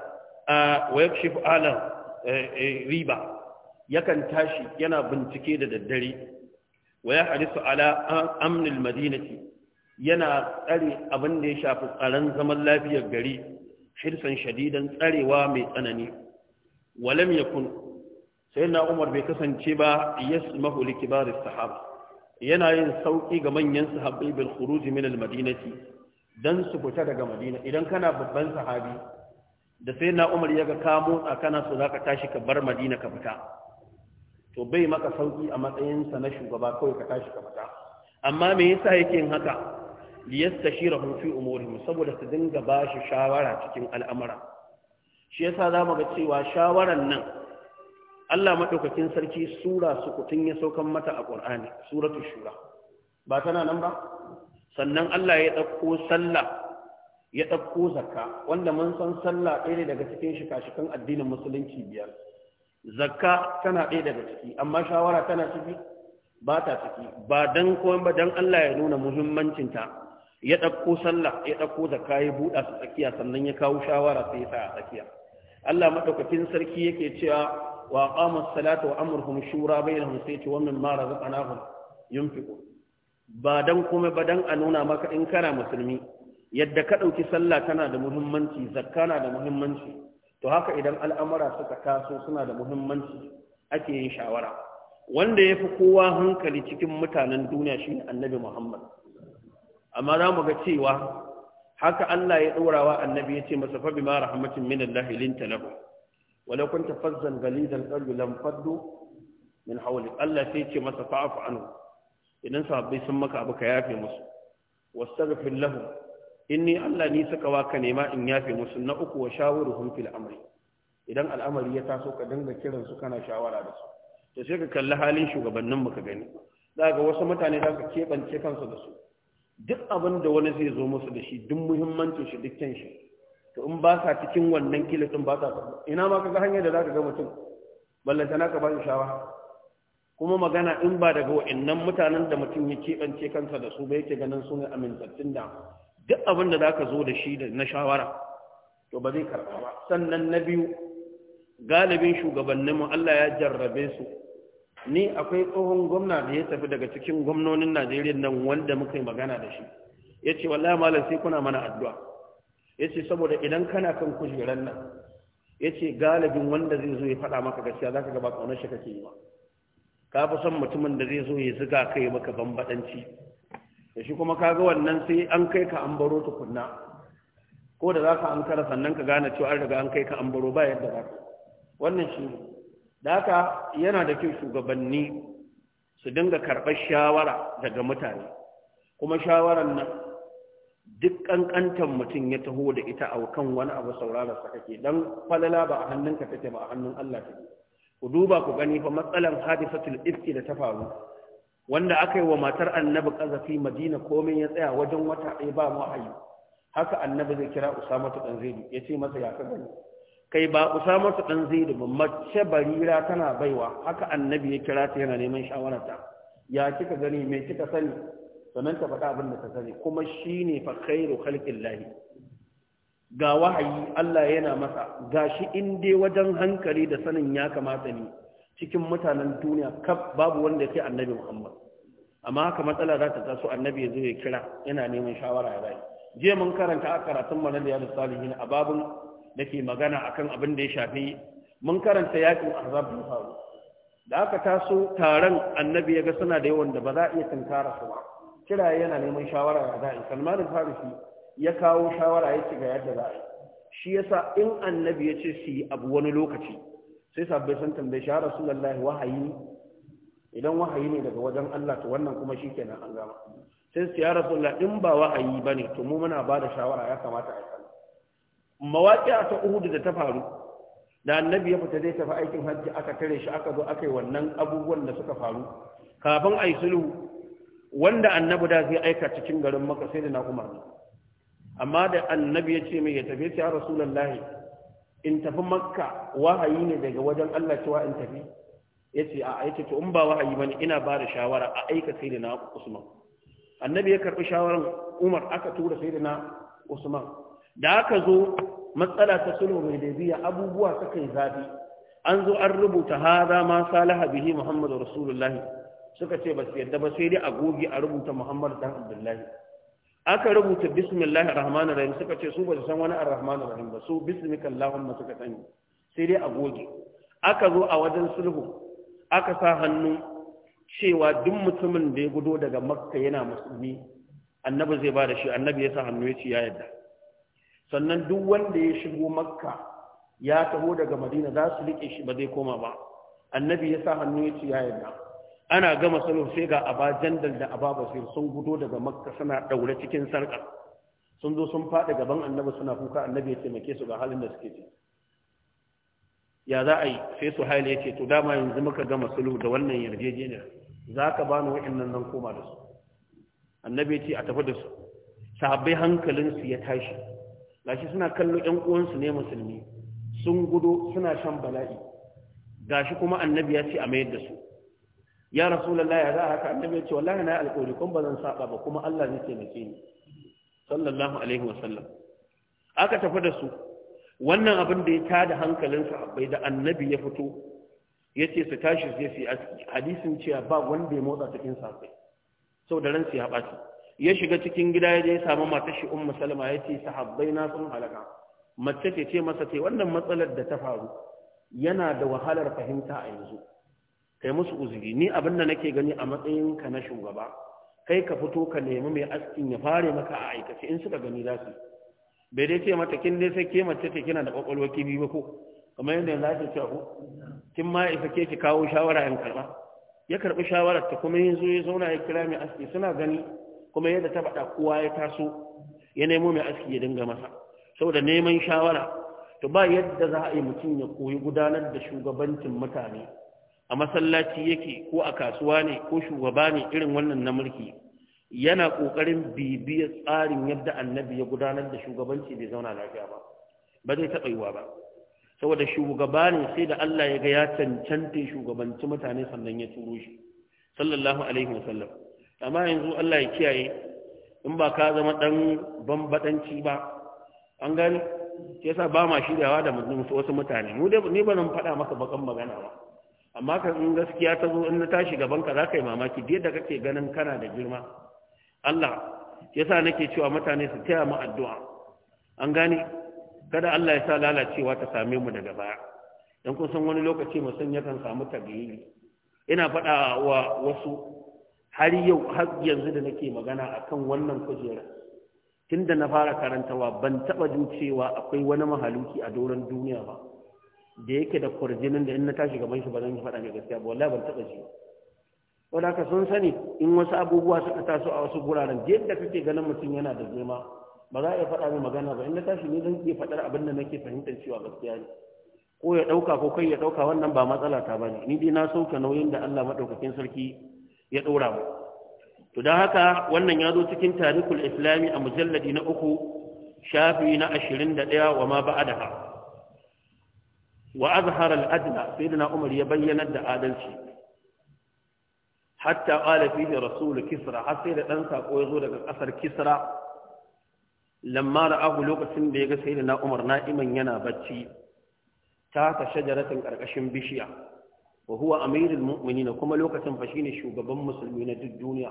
wa e, e, riba yakan tashi yana bincike da daddare wa ya harisu ala amnil madinati yana tsare abin da ya shafi tsaron zaman lafiyar gari shirsan shadidan tsarewa mai tsanani walam yakun sayyidina umar bai kasance ba yasmahu likibar sahaba yana yin sauki ga manyan sahabbai bil khuruj min al madinati dan su fita daga madina idan kana babban sahabi da sai umar ya ga ka motsa kana zaka tashi ka bar madina ka fita to bai maka sauki a matsayinsa na shugaba kawai ka tashi ka fita amma me yasa yake yin haka liyastashirahum fi umurihim saboda su dinga bashi shawara cikin al'amura shi yasa za mu ga cewa shawaran nan Allah maɗaukakin sarki sura su kutun ya saukan mata a ƙur'ani suratu shura ba tana nan ba sannan Allah ya ɗauko sallah ya ɗauko zakka wanda mun san sallah ɗaya ne daga cikin shika-shikan addinin musulunci biyar zakka tana ɗaya daga ciki amma shawara tana ciki ba ta ciki ba dan koyon ba dan Allah ya nuna muhimmancinta ya ɗauko sallah ya ɗauko zakka ya buɗa su tsakiya sannan ya kawo shawara sai ya tsaya tsakiya Allah madaukakin sarki yake cewa wa aqamu salata wa amruhum shura bainahum sai ce wannan ma razaqnahum yunfiqu ba dan kuma ba dan a nuna maka in kana musulmi yadda ka dauki sallah tana da muhimmanci zakka na da muhimmanci to haka idan al'amura suka taso suna da muhimmanci ake yin shawara wanda yafi kowa hankali cikin mutanen duniya shine annabi Muhammad amma za mu ga cewa haka Allah ya ɗorawa annabi ya ce masa fabi ma rahmatin min Allah linta lahu wala kunta fazzan galidal qalbi lam faddu min hawli Allah sai ce masa fa'fu anhu idan sahabbai sun maka abu ka yafe musu wastaghfir lahum inni Allah ni saka ka nema in yafe musu na uku wa shawiruhum fil amri idan al'amari ya taso ka dinga kiran su kana shawara da su to sai ka kalli halin shugabannin mu ka gani zaka wasu mutane zaka kebance kansu da su duk abin da wani zai zo musu da shi duk muhimmancin shi duk shi to in ba sa cikin wannan kilitin ba sa ina ma kaga hanyar da za ka ga mutum ballanta ka ba shi shawa kuma magana in ba daga wa'annan mutanen da mutum ya keɓance kansa da su ba yake ganin su ne amintattun da duk abin da ka zo da shi da na shawara to ba zai karɓa ba sannan na biyu galibin shugabanninmu Allah ya jarrabe su ni akwai tsohon gwamna da ya tafi daga cikin gwamnonin najeriya nan wanda muka yi magana da shi ya ce wallahi malam sai kuna mana addu'a ya ce saboda idan kana kan kujeran nan ya ce galibin wanda zai zo ya faɗa maka gaskiya za ka gaba ƙaunar shi kake yi ma ka fi son mutumin da zai zo ya ziga kai maka bambaɗanci da shi kuma ka ga wannan sai an kai ka an baro tukunna ko da za ka an kara sannan ka gane cewa an riga an kai ka an baro ba yadda za ka wannan shi ne da haka yana da kyau shugabanni su dinga karɓar shawara daga mutane kuma shawarar nan duk ƙanƙantar mutum ya taho da ita a kan wani abu sauraron sa kake dan falala ba a hannunka take ba a hannun Allah take ku duba ku gani fa matsalan hadisatul ifki da ta faru wanda aka yi wa matar annabi kazafi madina komai ya tsaya wajen wata ɗaya ba mu hayu haka annabi zai kira usama ta ɗan zai ya ce masa ya ka gani kai ba kusa su ɗan zaidu ba mace barira tana baiwa haka annabi ya kira ta yana neman shawararta ya kika gani me kika sani sannan ta faɗa abin da ta sani kuma shine fa khairu lahi. ga wahayi Allah yana masa gashi in dai wajen hankali da sanin ya kamata ne cikin mutanen duniya kaf babu wanda kai annabi Muhammad amma haka matsala za ta taso annabi ya zo ya kira yana neman shawara ya bai je mun karanta a karatun manal ya salihin a babun da magana akan abin da ya shafi mun karanta yakin azab da faru da aka taso taron annabi ya ga suna da yawan da ba za a iya tunkara su ba kira yana neman shawara ga za'i salman farisi ya kawo shawara ya ci ga yadda za a shi yasa in annabi ya ce su yi abu wani lokaci sai sabbai sun tambaye shi rasulullahi wahayi idan wahayi ne daga wajen Allah to wannan kuma shikenan an gama sai su ya rasulullahi in ba wahayi bane to mu muna ba da shawara ya kamata a yi mawaƙiya ta uhudu da ta faru da annabi ya fita zai tafi aikin hajji aka tare shi aka zo aka yi wannan abubuwan da suka faru kafin a yi sulhu wanda annabi da zai aika cikin garin maka sai da na umar amma da annabi ya ce mai ya tafi ya lahi in tafi makka wahayi ne daga wajen allah cewa in tafi ya ce a aiki to in ba wahayi mani ina ba da shawara a aika sai da na usman annabi ya karɓi shawarar umar aka tura sai da na usman da aka zo matsala ta sulhu mai dabiya abubuwa suka yi zafi an zo an rubuta hada ma salaha bihi muhammadu rasulullahi suka ce ba su yadda ba sai dai a gogi a rubuta muhammadu dan abdullahi aka rubuta bismillahi rahman rahim suka ce su ba su san wani arrahman rahim ba su bismika allahumma suka sani sai dai a gogi aka zo a wajen sulhu aka sa hannu cewa duk mutumin da ya gudo daga makka yana musulmi annabi zai ba da shi annabi ya sa hannu ya ce ya yadda sannan duk wanda ya shigo makka ya taho daga madina za su rike shi ba zai koma ba annabi ya sa hannu ya ci ya yarda ana gama sanar sai ga aba da ababa sai sun gudo daga makka suna daure cikin sarka sun zo sun faɗi gaban annabi suna kuka annabi ya taimake su ga halin da suke ciki ya za a yi sai su haile ya ce to dama yanzu muka gama sulhu da wannan yarjejeniya za ka bani wa'annan nan koma da su annabi ya ce a tafi da su sahabbai hankalinsu ya tashi gashi suna kallo ƴan uwansu ne musulmi sun gudu suna shan bala'i gashi kuma annabi ya ce a mayar da su ya rasulullahi ya za haka annabi ya ce wallahi na alƙawari kun ba zan saba ba kuma Allah zai taimake ni sallallahu alaihi wa sallam. aka tafi da su wannan abin da ya tada hankalin sahabbai da annabi ya fito ya ce su tashi su je su yi hadisin cewa ba wanda ya motsa cikin sahabbai sau da su ya ɓaci ya shiga cikin gida ya je ya samu matar shi ummu salama ya ce sahabbai na sun halaka mace ce ce masa ce wannan matsalar da ta faru yana da wahalar fahimta a yanzu kai musu uzuri ni abin da nake gani a matsayin ka na shugaba kai ka fito ka nemi mai askin ya fare maka a aikace in suka gani za su bai dai ce mata kin dai sai ke mace ce kina da kwakwalwa ki ba ko kamar yadda yanzu ake cewa ko oh, kin ma isa ke ki kawo shawara in karba ya karbi shawarar ta kuma yanzu ya zauna ya kira mai aski suna gani kuma yadda ta faɗa kowa ya taso ya nemo mai aski ya dinga masa saboda neman shawara to ba yadda za a yi mutum ya koyi gudanar da shugabancin mutane a masallaci yake ko a kasuwa ne ko shugaba ne irin wannan na mulki yana ƙoƙarin bibiyar tsarin yadda annabi ya gudanar da shugabanci bai zauna lafiya ba ba zai taɓa yiwa ba saboda shugaba ne sai da Allah ya ga ya cancanta shugabanci mutane sannan ya turo shi sallallahu alaihi wasallam amma yanzu Allah ya kiyaye in ba ka zama ɗan bambadanci ba an gani shi yasa ba ma shiryawa da wasu mutane mu dai ni ba faɗa maka bakan magana ba amma kan in gaskiya ta zo in na tashi gaban ka za yi mamaki da kake ganin kana da girma Allah yasa nake cewa mutane su taya mu addu'a an gane kada Allah ya sa lalacewa ta same mu daga baya dan kun san wani lokaci musan yakan samu tagayiri ina faɗa wa wasu har yau har yanzu da nake magana akan wannan kujera tunda na fara karantawa ban taba jin cewa akwai wani mahaluki a doron duniya ba da yake da kwarjinin da in na tashi gaban shi ba zan yi faɗa mai gaskiya ba wallahi ban taba ji wanda ka sun sani in wasu abubuwa suka taso a wasu guraren yadda kake ganin mutum yana da girma ba za a iya faɗa mai magana ba in na tashi ne zan iya faɗar abin da nake fahimtar cewa gaskiya ne ko ya ɗauka ko kai ya ɗauka wannan ba matsala ta ba ne ni dai na sauka nauyin da Allah maɗaukakin sarki ya ɗora mu to don haka wannan ya zo cikin tarihul islami a mujalladi na uku shafi na ashirin da ɗaya wa ma ba'adaha wa azhar al'adna sai da umar ya bayyanar da adalci hatta ƙala fihi rasulu kisra har sai da ɗan saƙo ya zo daga ƙasar kisra lamma abu lokacin da ya ga sai da umar na'iman yana bacci ta ta shajaratin ƙarƙashin bishiya wa huwa amirul mu'minin kuma lokacin fa shine shugaban musulmi na duk duniya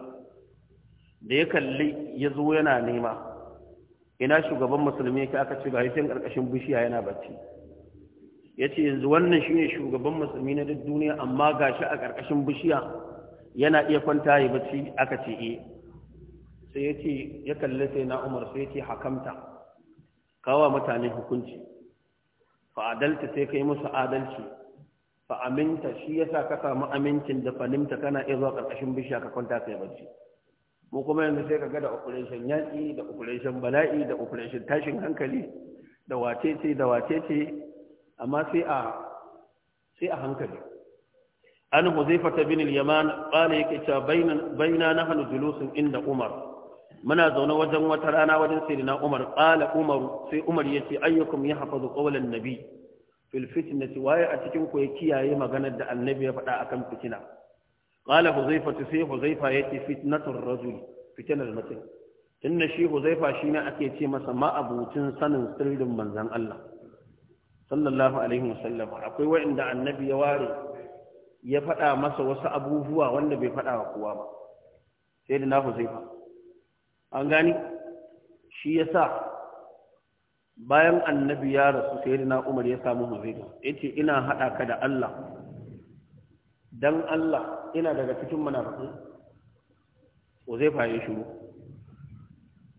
da ya kalli ya zo yana nema ina shugaban musulmi ka aka ci gashi can karkashin bishiya yana bacci yace yanzu wannan shine shugaban musulmi na duk duniya amma gashi a karkashin bishiya yana iya kwanta yi bacci aka ce eh sai yace ya kalli sai na Umar sai yace hakamta kawa mutane hukunci fa adalta sai kai musu adalci fa aminta shi yasa ka samu amincin da fahimta kana iya zuwa karkashin bishiya ka kwanta yi bacci mu kuma yanzu sai ka ga da operation yaƙi da operation bala'i da operation tashin hankali da wacece da wacece amma sai a sai a hankali an huzaifa ta bin al-yaman qala yake cewa bainan baina nahnu julusun inda umar muna zaune wajen wata rana wajen sayyidina umar qala umar sai umar yace ayyukum yahfazu qawlan nabiy fil fitnati waye a cikin ku ya kiyaye maganar da annabi ya faɗa akan fitina qala huzaifa sai huzaifa yace fitnatur rajul fitnar mutum inna shi huzaifa shine ake ce masa ma abucin sanin sirrin manzon Allah sallallahu alaihi wasallam akwai wanda annabi ya ware ya faɗa masa wasu abubuwa wanda bai faɗa wa kowa ba sai da na huzaifa an gani shi yasa bayan annabi ya rasu sai na umar ya samu mazaida ya ce ina haɗa ka da Allah don Allah ina daga cikin munafiqun ko zai faye shi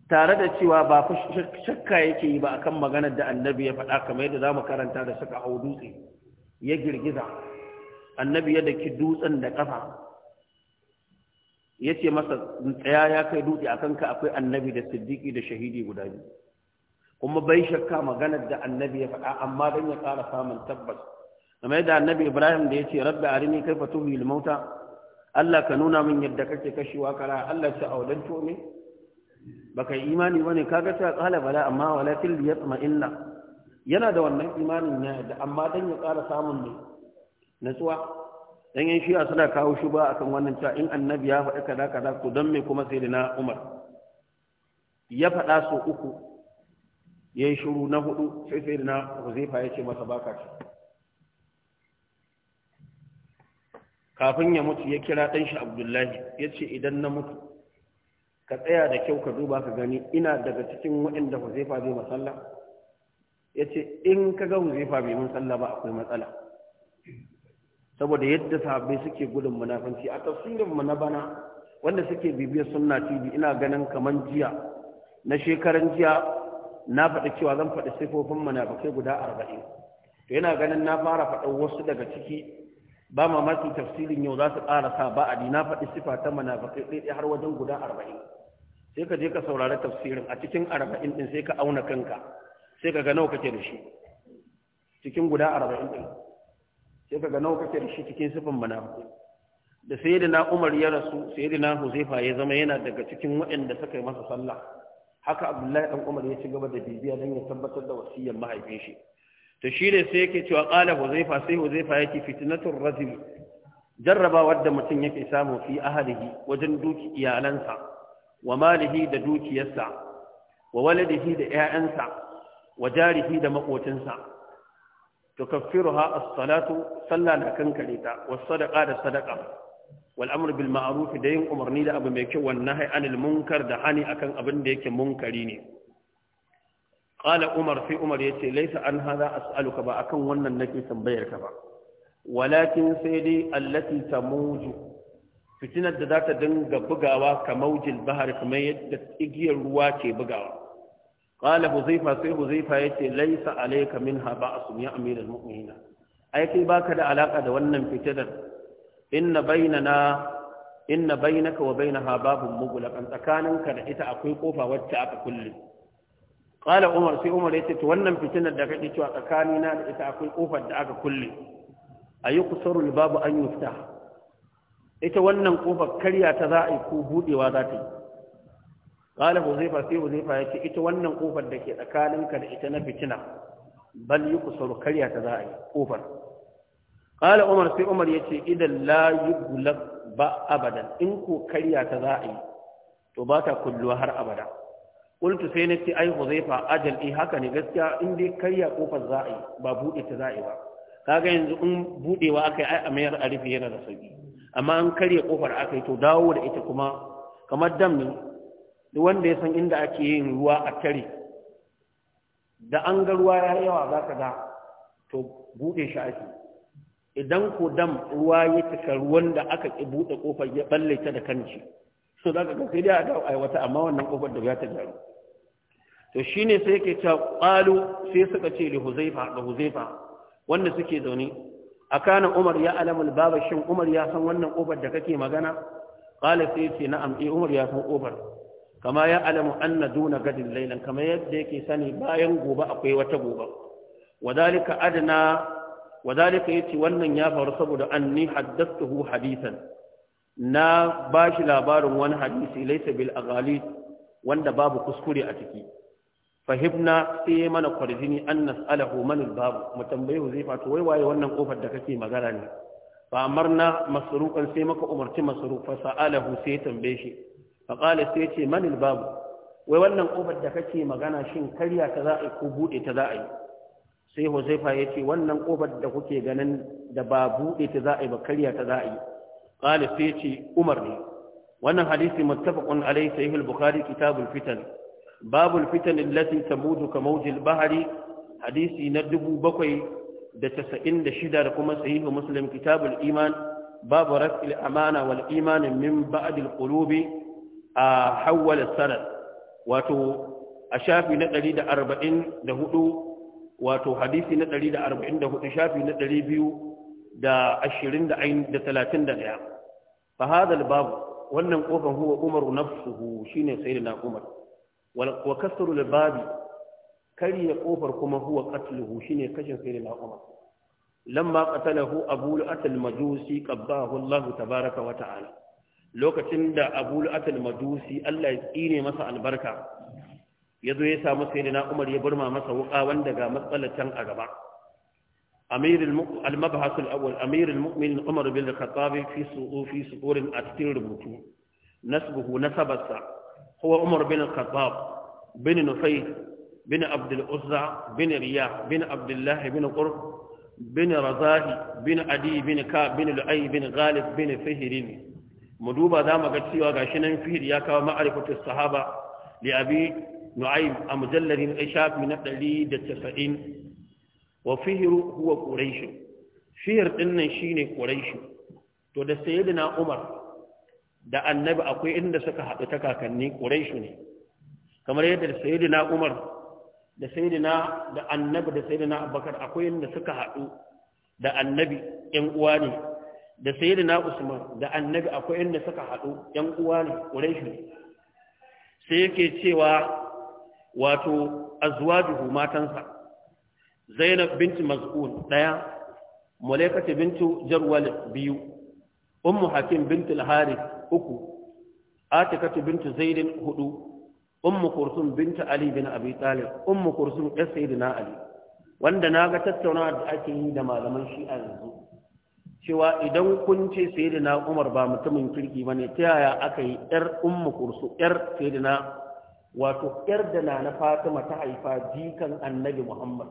tare da cewa ba fa shakka yake yi ba akan maganar da annabi ya faɗa kamar yadda zamu karanta da suka hau dutse ya girgiza annabi ya daki dutsen da kafa yace masa tsaya ya kai dutse akan ka akwai annabi da siddiqi da shahidi guda biyu kuma bai shakka maganar da annabi ya faɗa amma dan ya ƙara samun tabbas kamar yadda annabi ibrahim da ya ce rabbi arini kaifa tuhil mauta Allah ka nuna min yadda kake kashewa kara Allah ta audan to ne baka imani bane kaga ta qala bala amma walakin liyatma inna yana da wannan imanin ne yadda amma dan ya ƙara samun ne natsuwa dan yan shi'a suna kawo shi ba akan wannan cewa in annabi ya faɗa kaza kaza to dan me kuma sai na Umar ya faɗa so uku ya yi shuru na hudu sai sai na huzaifa ya ce masa baka ce. kafin ya mutu ya kira ɗanshi abdullahi ya ce idan na mutu ka tsaya da kyau ka duba ka gani ina daga cikin waɗanda huzaifa zai masalla ya ce in ka ga huzaifa bai masalla ba akwai matsala saboda yadda sahabbai suke gudun munafanci a tafsirinmu na bana wanda suke bibiyar sunna tv ina ganin kaman jiya na shekaran jiya na faɗi cewa zan faɗi sifofin munafikai guda arba'in to yana ganin na fara faɗa wasu daga ciki ba mamaki tafsirin yau za su ƙarasa ba a na faɗi sifa ta munafikai ɗaya har wajen guda arba'in sai ka je ka saurari tafsirin a cikin arba'in ɗin sai ka auna kanka sai ka ga nawa kake da shi cikin guda arba'in ɗin sai ka ga nawa kake da shi cikin sifan munafikai da sayyidina Umar ya rasu sayyidina Huzaifa ya zama yana daga cikin waɗanda suka yi masa sallah haka abdullahi dan umar ya ci gaba da bibiya don ya tabbatar da wasiyar mahaifin shi to shi ne sai yake cewa qala huzaifa sai huzaifa yake fitnatur rajul jarrabawar da mutum yake samu fi ahalihi wajen duki iyalansa wa malihi da dukiyarsa wa waladihi da 'ya'yansa wa jarihi da makotinsa tukaffiruha as-salatu sallah na kankare ta was sadaqa da sadaqa wal bil ma'arufi da yin umarni da abu mai kyau Wannan nahi munkar da hani akan abin da yake munkari ne qala umar fi umar yace laisa an a as'aluka ba akan wannan nake tambayar ka ba walakin sai dai allati tamuju fitinar da za ta dinga bugawa ka maujin bahar kamar yadda igiyar ruwa ke bugawa qala huzaifa sai huzaifa yace min alayka minha ba'sun ya amiral mu'minin ai kai baka da alaka da wannan fitinar inna bainana inna bainaka wa bainaha babun mughlaqan tsakaninka da ita akwai kofa wacce aka kulle qala umar sai umar yace to wannan fitinar da kake cewa tsakanina da ita akwai kofar da aka kulle ayuqsaru babu an yuftah ita wannan kofar karya ta za a yi ko budewa za ta yi qala huzaifa sai huzaifa yace ita wannan kofar da ke tsakaninka da ita na fitina bal yuqsaru karya ta za a yi kofar ƙala umar sai umar ya ce idan la yi gulab ba abada in ku karya ta za a yi to ba ta kulluwa har abada ƙultu sai na ce ai huzaifa ajal ɗi, eh, haka ne gaskiya in dai karya ƙofar za a yi ba buɗe ta za a yi ba kaga yanzu in buɗewa aka yi ai a mayar a rufe yana da sauƙi amma an karya ƙofar aka yi to dawo da ita kuma kamar dam ne wanda ya san inda ake yin ruwa a tare da an ga ruwa ya yawa za ka ga to buɗe shi ake idan ku dam ruwa ya cika ruwan da aka ƙi buɗe ƙofar ya balle ta da kanci so za ka ga sai dai a aiwata amma wannan ƙofar da ya ta jaru to shine sai yake cewa ƙwalo sai suka ce li huzaifa da huzaifa wanda suke zaune A kanan umar ya alamul baba shin umar ya san wannan ƙofar da kake magana ƙwalo sai ce na'am eh umar ya san ƙofar. kama ya alamu anna duna gadin Lailan, kama yadda yake sani bayan gobe akwai wata gobe wadalika adna wa zalika yace wannan ya faru saboda anni haddathtuhu hadithan na bashi labarin wani hadisi laysa bil aghali wanda babu kuskure a ciki fahimna sai mana kwarjini an nas'alahu man al babu mu tambaye Huzaifa to wai waye wannan kofar da kake magana ne fa amarna masruqan sai maka umarci masruq fa sa'alahu sai tambaye shi fa qala sai ce man al babu wai wannan kofar da kake magana shin karya ta za a ko bude ta za a yi sai huzaifa ya ce wannan ƙofar da kuke ganin da ba buɗe ta za a yi ba karya ta za a yi ƙalif sai ce umar ne wannan hadisi muttafaqun alayhi sahih al-bukhari kitabul fitan babul fitan allati tamudu ka mawjil bahri hadisi na dubu bakwai da casa'in da shida da kuma sahih muslim kitabul iman babu raf'il amana wal iman min ba'd al-qulubi a hawwal sanad wato a shafi na 144 wato hadisi na 144 shafi na 200 da 20 da 31 fa hadal bab wannan kofan huwa umaru nafsuhu shine sayyidina umar wa kasru al babi kariya kofar kuma huwa qatluhu shine kashin sayyidina umar lamma qatalahu abu al majusi qabbahu allah tabaaraka wa ta'ala lokacin da abu al majusi Allah ya tsine masa albarka ya zo ya samu sai na umar ya burma masa wuƙa wanda ga matsalar can a gaba al-mabhas al-awwal amir al umar bin al-khattab fi su'ufi su'urin a cikin rubutu nasbuhu nasabarsa huwa umar bin al-khattab bin nufay bin abd al-uzza bin riyah bin abdullah bin qurb bin razahi bin adi bin ka bin lu'ay bin ghalib bin fihrin mu duba za mu ga cewa gashi nan fihr ya kawo ma'arifatus sahaba li abi nu'aym a mujalladin shafi na 190 wa fihru huwa quraish fihr din nan shine quraish to da sayyidina umar da annabi akwai inda suka haɗu ta kakanni quraish ne kamar yadda da sayyidina umar da sayyidina da annabi da sayyidina abubakar akwai inda suka haɗu da annabi ƴan uwa ne da sayyidina usman da annabi akwai inda suka haɗu ƴan uwa ne quraish ne sai yake cewa wato azwajuhu matansa zainab binti mazkun daya mulaikata bintu jarwal biyu ummu hakim bintul harith uku atikatu bintu zaid hudu ummu kursum bintu ali bin abi talib ummu kursum ya sayyidina ali wanda naga tattaunawa da ake yi da malaman shi'a yanzu cewa idan kun ce sayyidina umar ba mutumin kirki bane ta yaya aka yi yar ummu kursu yar sayyidina wato ƴar da na na Fatima ta haifa jikan Annabi Muhammad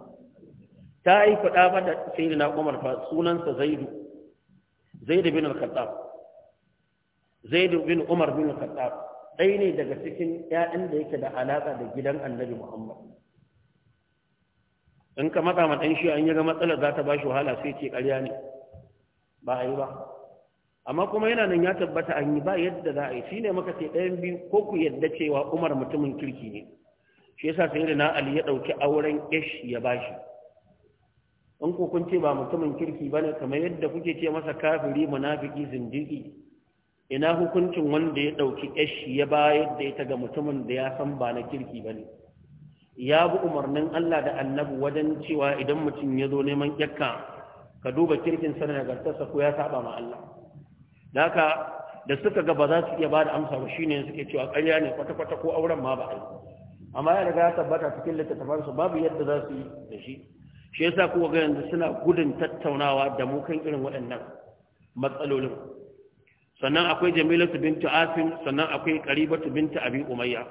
ta haifa da mata sayyidina Umar fa sunansa Zaidu Zaid bin Al-Khattab Zaid bin Umar bin Al-Khattab dai ne daga cikin ƴaƴan da yake da alaka da gidan Annabi Muhammad in ka matsa ma dan shi an yi ga matsalar za ta ba wahala sai ce ƙarya ne ba a yi ba amma kuma yana nan ya tabbata an yi ba yadda za a yi ne maka ce ɗayan biyu ko ku yadda cewa Umar mutumin kirki ne shi yasa sai na Ali ya ɗauki auren ish ya bashi in ku kun ce ba mutumin kirki bane kamar yadda kuke ce masa kafiri munafiki zindiki ina hukuncin wanda ya ɗauki ish ya bayar da ita ga mutumin da ya san ba na kirki bane ya bi umarnin Allah da Annabi wajen cewa idan mutum ya zo neman kyakka ka duba kirkin sana da nagartarsa ko ya saba ma Allah da da suka ga ba za su iya ba da amsa ba shine suke cewa ƙarya ne kwata-kwata ko auren ma ba a yi amma ya riga ya tabbata cikin su babu yadda za su yi da shi shi yasa kuwa ga yanzu suna gudun tattaunawa da mu kan irin waɗannan matsalolin sannan akwai su bintu asim sannan akwai kariba su bintu abi umayya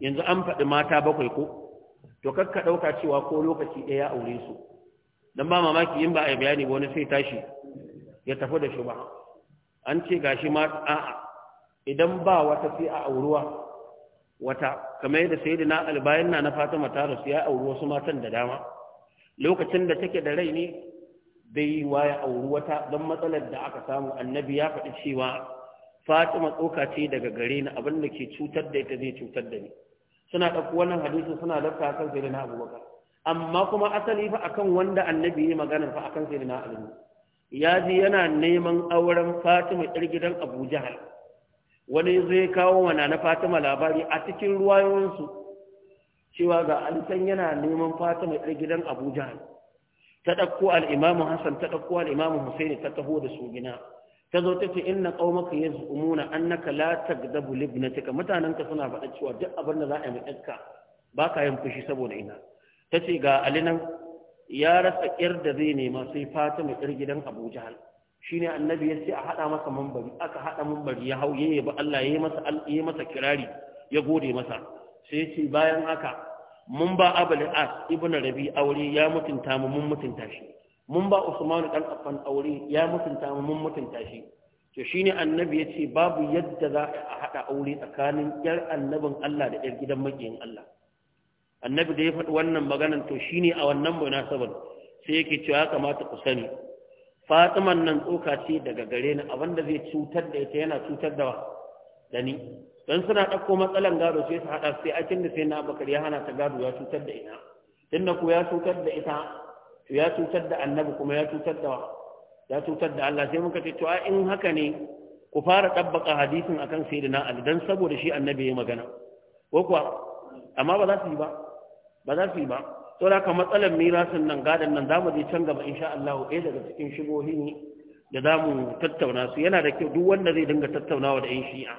yanzu an faɗi mata bakwai ko to kakka ɗauka cewa ko lokaci ɗaya ya aure su dan ba mamaki in ba a yi bayani wani sai tashi ya tafi da shi ba an ce gashi ma a'a idan ba wata sai a auruwa wata kamar yadda sayyidina albayin na na Fatima ta rasu ya auri wasu matan da dama lokacin da take da rai ne bai waya auri wata don matsalar da aka samu annabi ya faɗi cewa Fatima tsoka ce daga gare ni abin da ke cutar da ita zai cutar da ni suna ɗauko wannan hadisi suna lafta kan sayyidina Abubakar amma kuma asali fa akan wanda annabi ya magana fa akan sayyidina Ali ya ji yana neman auren fatima ɗar gidan abu jahal wani zai kawo wa na fatima labari a cikin ruwayoyinsu cewa ga alisan yana neman fatima ɗar gidan abu jahal ta ɗakko al'imamu hassan ta ɗakko al'imamu husaini ta taho da su gina ta zo ta ce an qaumaka yaz'umuna annaka la na cika mutanenka suna faɗa cewa duk abin da za a yi ba ka yin fushi saboda ina ta ce ga alinan ya rasa ƙyar da zai nema sai fatima ƴar gidan abu jahal shine annabi ya ce a haɗa masa mambari aka haɗa mambari ya hau ya ba Allah ya yi masa kirari ya gode masa sai ya ce bayan haka mun ba abul as ibnu rabi aure ya mutunta mu mun mutunta shi mun ba usmanu dan affan aure ya mutunta mu mun mutunta shi to shine annabi ya ce babu yadda za a haɗa aure tsakanin ƴar annabin Allah da yar gidan makiyin Allah annabi da ya faɗi wannan maganan to ne a wannan munasabar sai yake cewa ya kamata ku sani fatiman nan tsoka ce daga gare ni abinda zai cutar da ita yana cutar da da ni dan suna ɗauko matsalan gado sai su haɗa sai akin da sai na bakar ya hana ta gado ya cutar da ina tunda ko ya cutar da ita to ya cutar da annabi kuma ya cutar da ya cutar da Allah sai muka ce to in haka ne ku fara tabbaka hadisin akan sayyidina Ali dan saboda shi annabi ya magana ko kuwa amma ba za su yi ba ba za su yi ba to da ka matsalar mirasin nan gadon nan za mu je can gaba insha Allah ɗaya daga cikin shigohi ne da za mu tattauna su yana da kyau duk wanda zai dinga tattaunawa da 'yan shi'a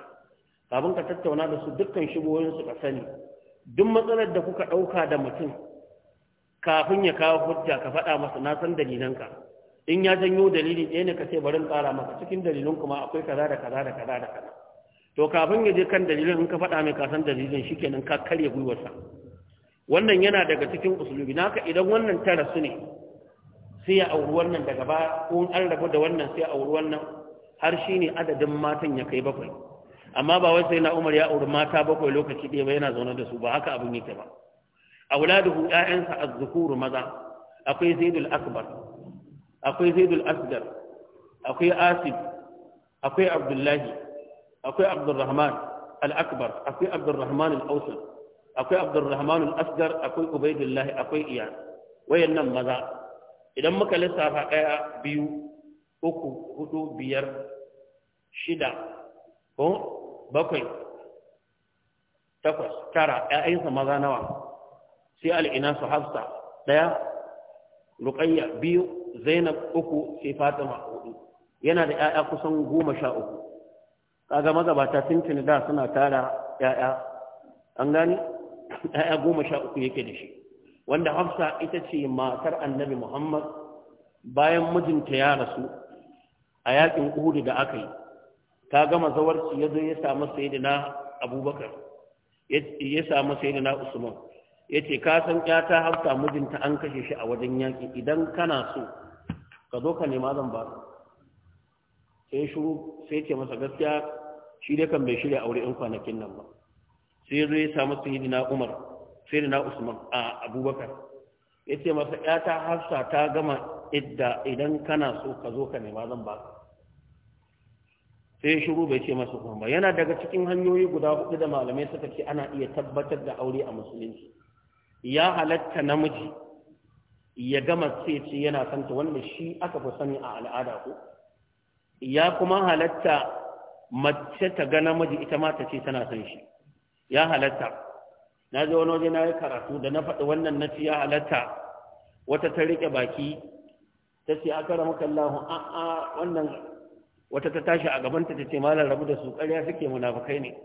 kafin ka tattauna da su dukkan shigohin su ka sani duk matsalar da kuka ɗauka da mutum kafin ya kawo hujja ka faɗa masa na san dalilanka in ya janyo dalili ɗaya ne ka ce bari tsara maka cikin dalilin kuma akwai kaza da kaza da kaza da kaza to kafin ya je kan dalilin in ka faɗa mai ka san dalilin shikenan ka karya gwiwarsa wannan yana daga cikin usulubi naka idan wannan ta su ne sai ya auri wannan daga ba ko an rabu da wannan sai ya auri wannan har shi ne adadin matan ya kai bakwai amma ba wai sai na Umar ya auri mata bakwai lokaci ɗaya ba yana zaune da su ba haka abin yake ba A wula auladuhu ƴaƴansa a zukur maza akwai Zaidul Akbar akwai Zaidul Asgar akwai Asif akwai Abdullahi akwai Abdurrahman al-Akbar akwai Abdurrahman al-Awsat akwai abdurrahman al-asgar akwai ubaidullahi akwai iya wayannan maza idan muka lissafa ɗaya biyu uku hudu biyar shida ko bakwai takwas tara ƴaƴansa maza nawa sai al'ina su hafsa ɗaya ruqayya biyu zainab uku sai fatima hudu yana da ƴaƴa kusan goma sha uku kaga magabata tintini da suna tara ƴaƴa an gani? ɗaya goma sha uku yake da shi wanda hafsa ita ce matar annabi muhammad bayan mijinta ya rasu a yakin uhudu da aka yi ta gama zawarci ya zo ya samu Sayyidina abubakar ya samu Sayyidina usman ya ce ka san ta hafsa mijinta an kashe shi a wajen yaki idan kana so ka zo ka nema zan ba sai shuru sai ce masa gaskiya shi dai kan bai shirya aure in kwanakin nan ba sai zo ya samu sayyidina Umar sayyidina Usman a Abubakar ya ce masa yata Hafsa ta gama idda idan kana so ka zo ka nema zan baka sai ya shiru bai ce masa kuma ba yana daga cikin hanyoyi guda hudu da malamai suka ce ana iya tabbatar da aure a musulunci ya halatta namiji ya gama ce ce yana santa wanda shi aka fi sani a al'ada ko ya kuma halatta mace ta ga namiji ita ma ta ce tana san shi ya halatta na je wani waje na yi karatu da na faɗi wannan na ya halatta wata ta riƙe baki ta ce a kara maka Allahu a'a wannan wata ta tashi a gabanta ta ce malam rabu da su ƙarya suke munafukai ne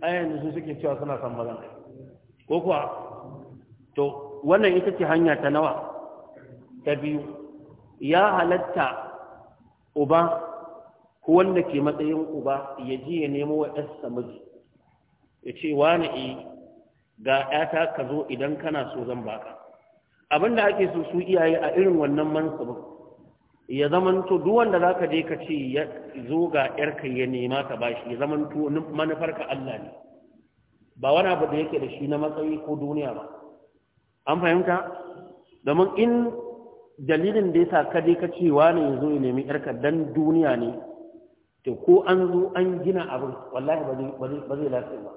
a yanzu su suke cewa suna son mazan ko kuwa to wannan ita ce hanya ta nawa ta biyu ya halatta uba ko wanda ke matsayin uba ya ji ya nemo wa ɗansa miji ya ce wani eh, ga ‘yata ka zo idan kana so zan baka abin da ake so su iyaye a irin wannan mansubin ya zamanto duk wanda za ka je ka ce ya zo ga ‘yarka ya nema ka bashi ya zamanto manufarka Allah ne ba wani abu da yake da shi na matsayi ko duniya ba an fahimta domin in dalilin da ya sa je ka ce wani ya zo ya nemi ‘yarka dan duniya ne to ko an zo an gina abin wallahi ba zai lafiya ba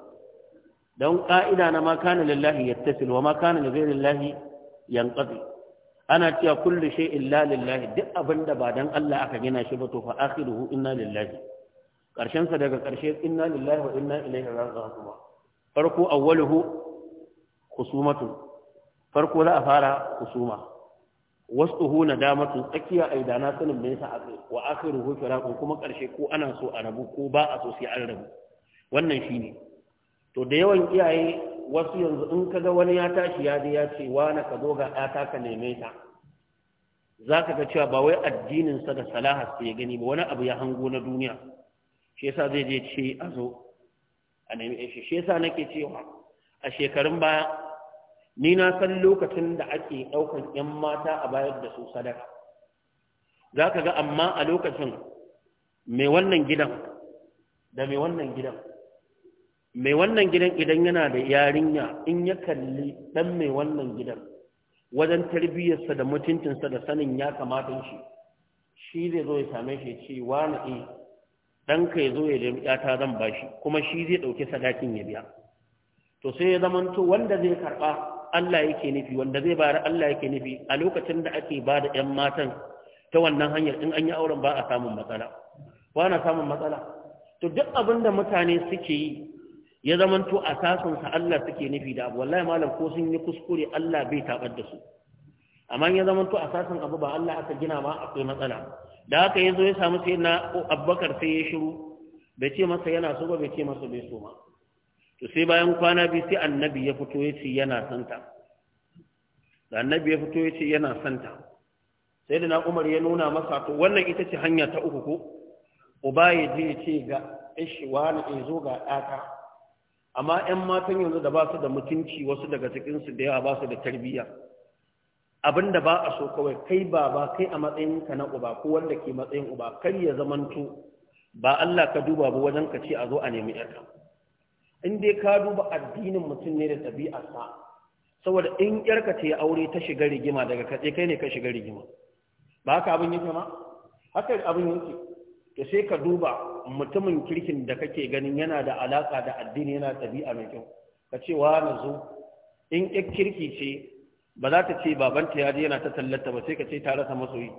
don ƙa'ida na maka kana lillahi yattasil wa ma ne zai lillahi yanqadi ana cewa kulle shi illa lillahi duk abinda ba don Allah aka gina shi ba to fa akhiruhu inna lillahi karshen sa daga karshe inna lillahi wa inna ilaihi ba. farko awwaluhu khusumatu farko za a fara khusuma wasduhu nadamatu tsakiya ai da na sanin me yasa aka wa akhiruhu firaqun kuma ƙarshe ko ana so a rabu ko ba a so sai an rabu wannan shine to da yawan iyaye wasu yanzu in ka ga wani ya tashi ya ya ce wani ka zo ga ɗata ka neme ta za ka ga cewa ba wai addininsa da salahar ya gani ba wani abu ya hango na duniya shi yasa zai je ce a zo a nemi shi shi yasa nake cewa a shekarun baya ni na san lokacin da ake ɗaukan 'yan mata a bayar da su sadaka za ka ga amma a lokacin mai wannan gidan da mai wannan gidan mai wannan gidan idan yana da yarinya in ya kalli dan mai wannan gidan wajen tarbiyyarsa da mutuncinsa da sanin ya kamata shi shi zai zo ya same shi ce wani e eh, ka ya zo ya da yata zan ba shi kuma shi zai ɗauki sadakin ya biya to sai ya zamanto wanda zai karɓa Allah yake nufi wanda zai bayar Allah yake nufi a lokacin da ake ba da ‘yan matan ta wannan hanyar in an yi auren ba a samun matsala ba na samun matsala to duk abin da mutane suke yi ya zamanto sasunsa Allah suke nufi da abu wallahi malam ko sun yi kuskure Allah bai tabar da su amma ya zamanto sasun abu ba Allah aka gina ma akwai matsala da haka yazo ya samu sai na Abubakar sai ya shiru bai ce masa yana so ba bai ce masa bai so ba to sai bayan kwana biyu sai annabi ya fito ya ce yana santa da annabi ya fito ya ce yana santa sai da na Umar ya nuna masa to wannan ita ce hanya ta uku ko uba ya je ya ce ga Ishwa na eh, zo ga ɗata amma 'yan matan yanzu da ba su da mutunci wasu daga cikinsu da yawa ba su da tarbiyya abin da ba a so kawai kai ba kai a matsayinka na uba ko wanda ke matsayin uba kar ya zamanto ba Allah ka duba ba wajen ka ce a zo a nemi yarka in dai ka duba addinin mutum ne da ɗabi'arsa saboda in yarka ce aure ta shiga rigima daga katse kai ne ka shiga rigima ba haka abin yake ma haka abin yake to sai ka duba mutumin kirkin da kake ganin yana da alaka da addini yana tabi'a mai kyau ka ce wa na zo in ƙyar kirki ce ba za ta ce babanta ya je yana ta tallata ba sai ka ce ta rasa masoyi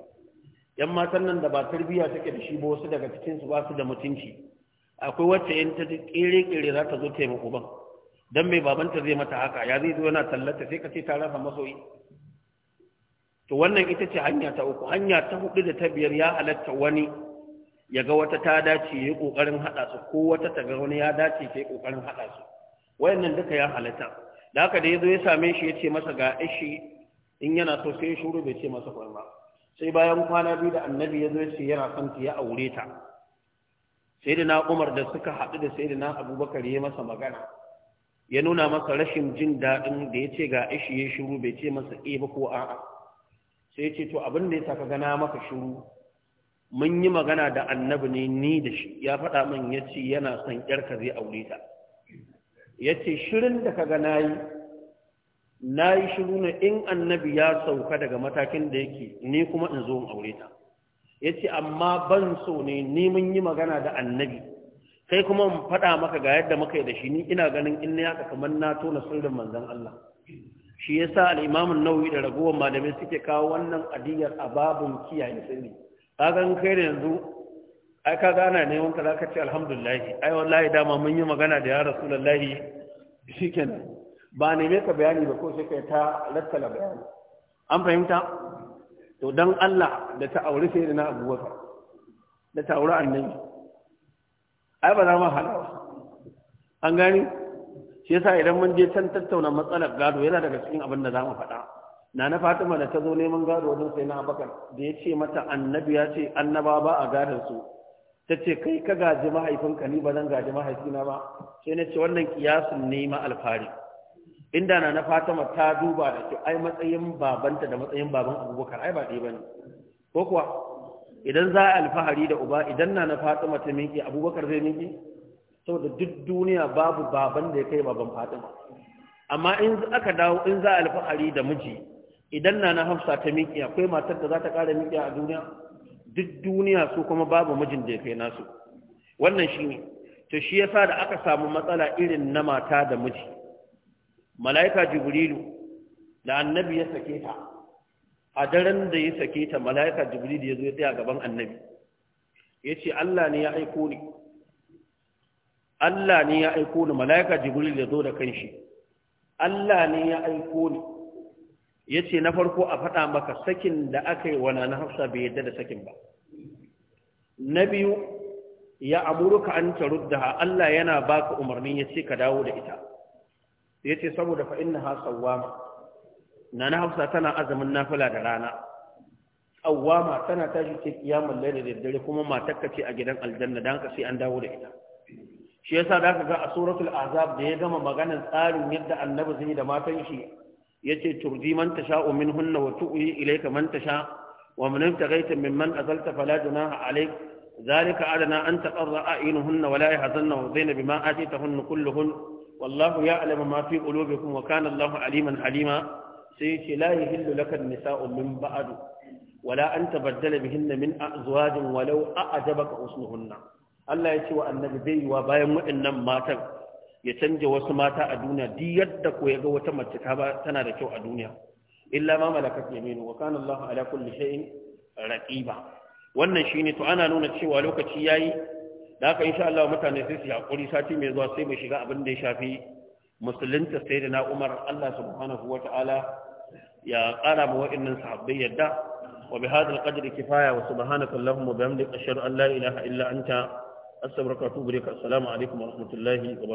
yan matan nan da ba tarbiyya take da shi ba wasu daga cikin su ba su da mutunci akwai wacce in ta ji ƙere-ƙere za ta zo ta yi uban dan mai babanta zai mata haka ya zai zo yana tallata sai ka ce ta rasa masoyi to wannan ita ce hanya ta uku hanya ta hudu da ta biyar ya halatta wani ya ga wata ta dace ya ƙoƙarin haɗa su ko wata ta ga wani ya dace ta yi ƙoƙarin haɗa su wayannan duka ya halatta da haka da ya zo ya same shi ya ce masa ga ishi in yana so sai shuru bai ce masa komai ba sai bayan kwana biyu da annabi ya zo ya ce yana son ta ya aure ta Sai da na Umar da suka haɗu da na Abubakar ya masa magana ya nuna masa rashin jin daɗin da ya ce ga ishi ya shuru bai ce masa eh ba ko a'a sai ya ce to abin da ya saka gana maka shuru mun yi magana da annabi ne ni da shi ya faɗa min ya ce yana son ka zai aure ta ya ce shirin da kaga na yi na yi shiru ne in annabi ya sauka daga matakin da yake ni kuma in zo in aure ta ya ce amma ban so ne ni mun yi magana da annabi kai kuma mu faɗa maka ga yadda muka yi da shi ni ina ganin in na yaka kamar na tona sirrin manzon Allah shi yasa al-Imam da ragowar malamai suke kawo wannan adiyar a babun kiyaye sirri kagan kai da yanzu ai ka gana neman ka ce alhamdulillah ai wallahi dama mun yi magana da ya rasulullah shikenan ba neme ka bayani ba ko sai kai ta lattala bayani an fahimta to dan Allah da ta aure sai na abubakar da ta aure annabi ai ba za mu halawa an gani shi yasa idan mun je can tattauna matsalar gado yana daga cikin abin da za mu faɗa na na fatima da ta zo neman gado wajen sai na abakar da ya ce mata annabi ya ce annaba ba a gadon su ta ce kai ka gaji mahaifinka ni ba zan gaji mahaifina ba sai na ce wannan kiyasin ne ma alfari inda na na fatima ta duba da ke ai matsayin babanta da matsayin baban abubakar ai ba ɗaya ba ne ko kuwa idan za a alfahari da uba idan na na fatima ta miƙe abubakar zai miƙe saboda duk duniya babu baban da ya kai baban fatima amma in aka dawo in za a alfahari da miji idan na na hafsa ta miƙi akwai matar da za ta ƙara miƙi a duniya duk duniya su kuma babu mijin da ya kai nasu wannan shi ne to shi yasa da aka samu matsala irin na mata da miji mala'ika jibrilu da annabi ya sake ta a daren da ya sake ta mala'ika jibrilu ya zo ya tsaya gaban annabi ya ce Allah ne ya aiko ni Allah ne ya aiko ni mala'ika jibrilu ya zo da kanshi Allah ne ya aiko ni ya ce na farko a faɗa maka sakin da aka yi wa Nana hafsa bai yadda da sakin ba na biyu ya amurka an tarudda Allah yana baka umarni ya ce ka dawo da ita ya ce saboda fa'in na hasawama na hafsa tana azumin nafila da rana awwama tana tashi ce kiyamul layl da dare kuma matakka ce a gidan aljanna dan ka sai an dawo da ita shi yasa zaka ga a suratul azab da ya gama maganar tsarin yadda annabi zai da matan shi yace turdi man tasha'u minhunna wa tu'i ilayka man tasha wa man ibtaghaita mimman azalta fala junaha alayk ذلك أدنى أن تقر أعينهن ولا يحزن وضين بما آتيتهن كلهن والله يعلم ما في قلوبكم وكان الله عليما حليما سيش لا يهل لك النساء من بعد ولا أن تبدل بهن من أزواج ولو أعجبك حسنهن Allah ya ce wa annabi bai yi wa bayan waɗannan matan ya canja wasu mata a duniya duk yadda ko ya ga wata mace ta ba tana da kyau a duniya illa ma malakat yaminu wa kana Allahu ala kulli shay'in raqiba wannan shine to ana nuna cewa lokaci yayi da haka insha Allah mutane sai su hakuri sati mai zuwa sai mu shiga abin da ya shafi musulunta sayyidina Umar Allah subhanahu Ta'ala ya ƙara ma wa'annan sahabbai yadda wa bi hadal qadri kifaya wa subhanaka allahumma wa bihamdika ashhadu an la ilaha illa anta astaghfiruka wa atubu ilaik assalamu alaikum wa rahmatullahi wa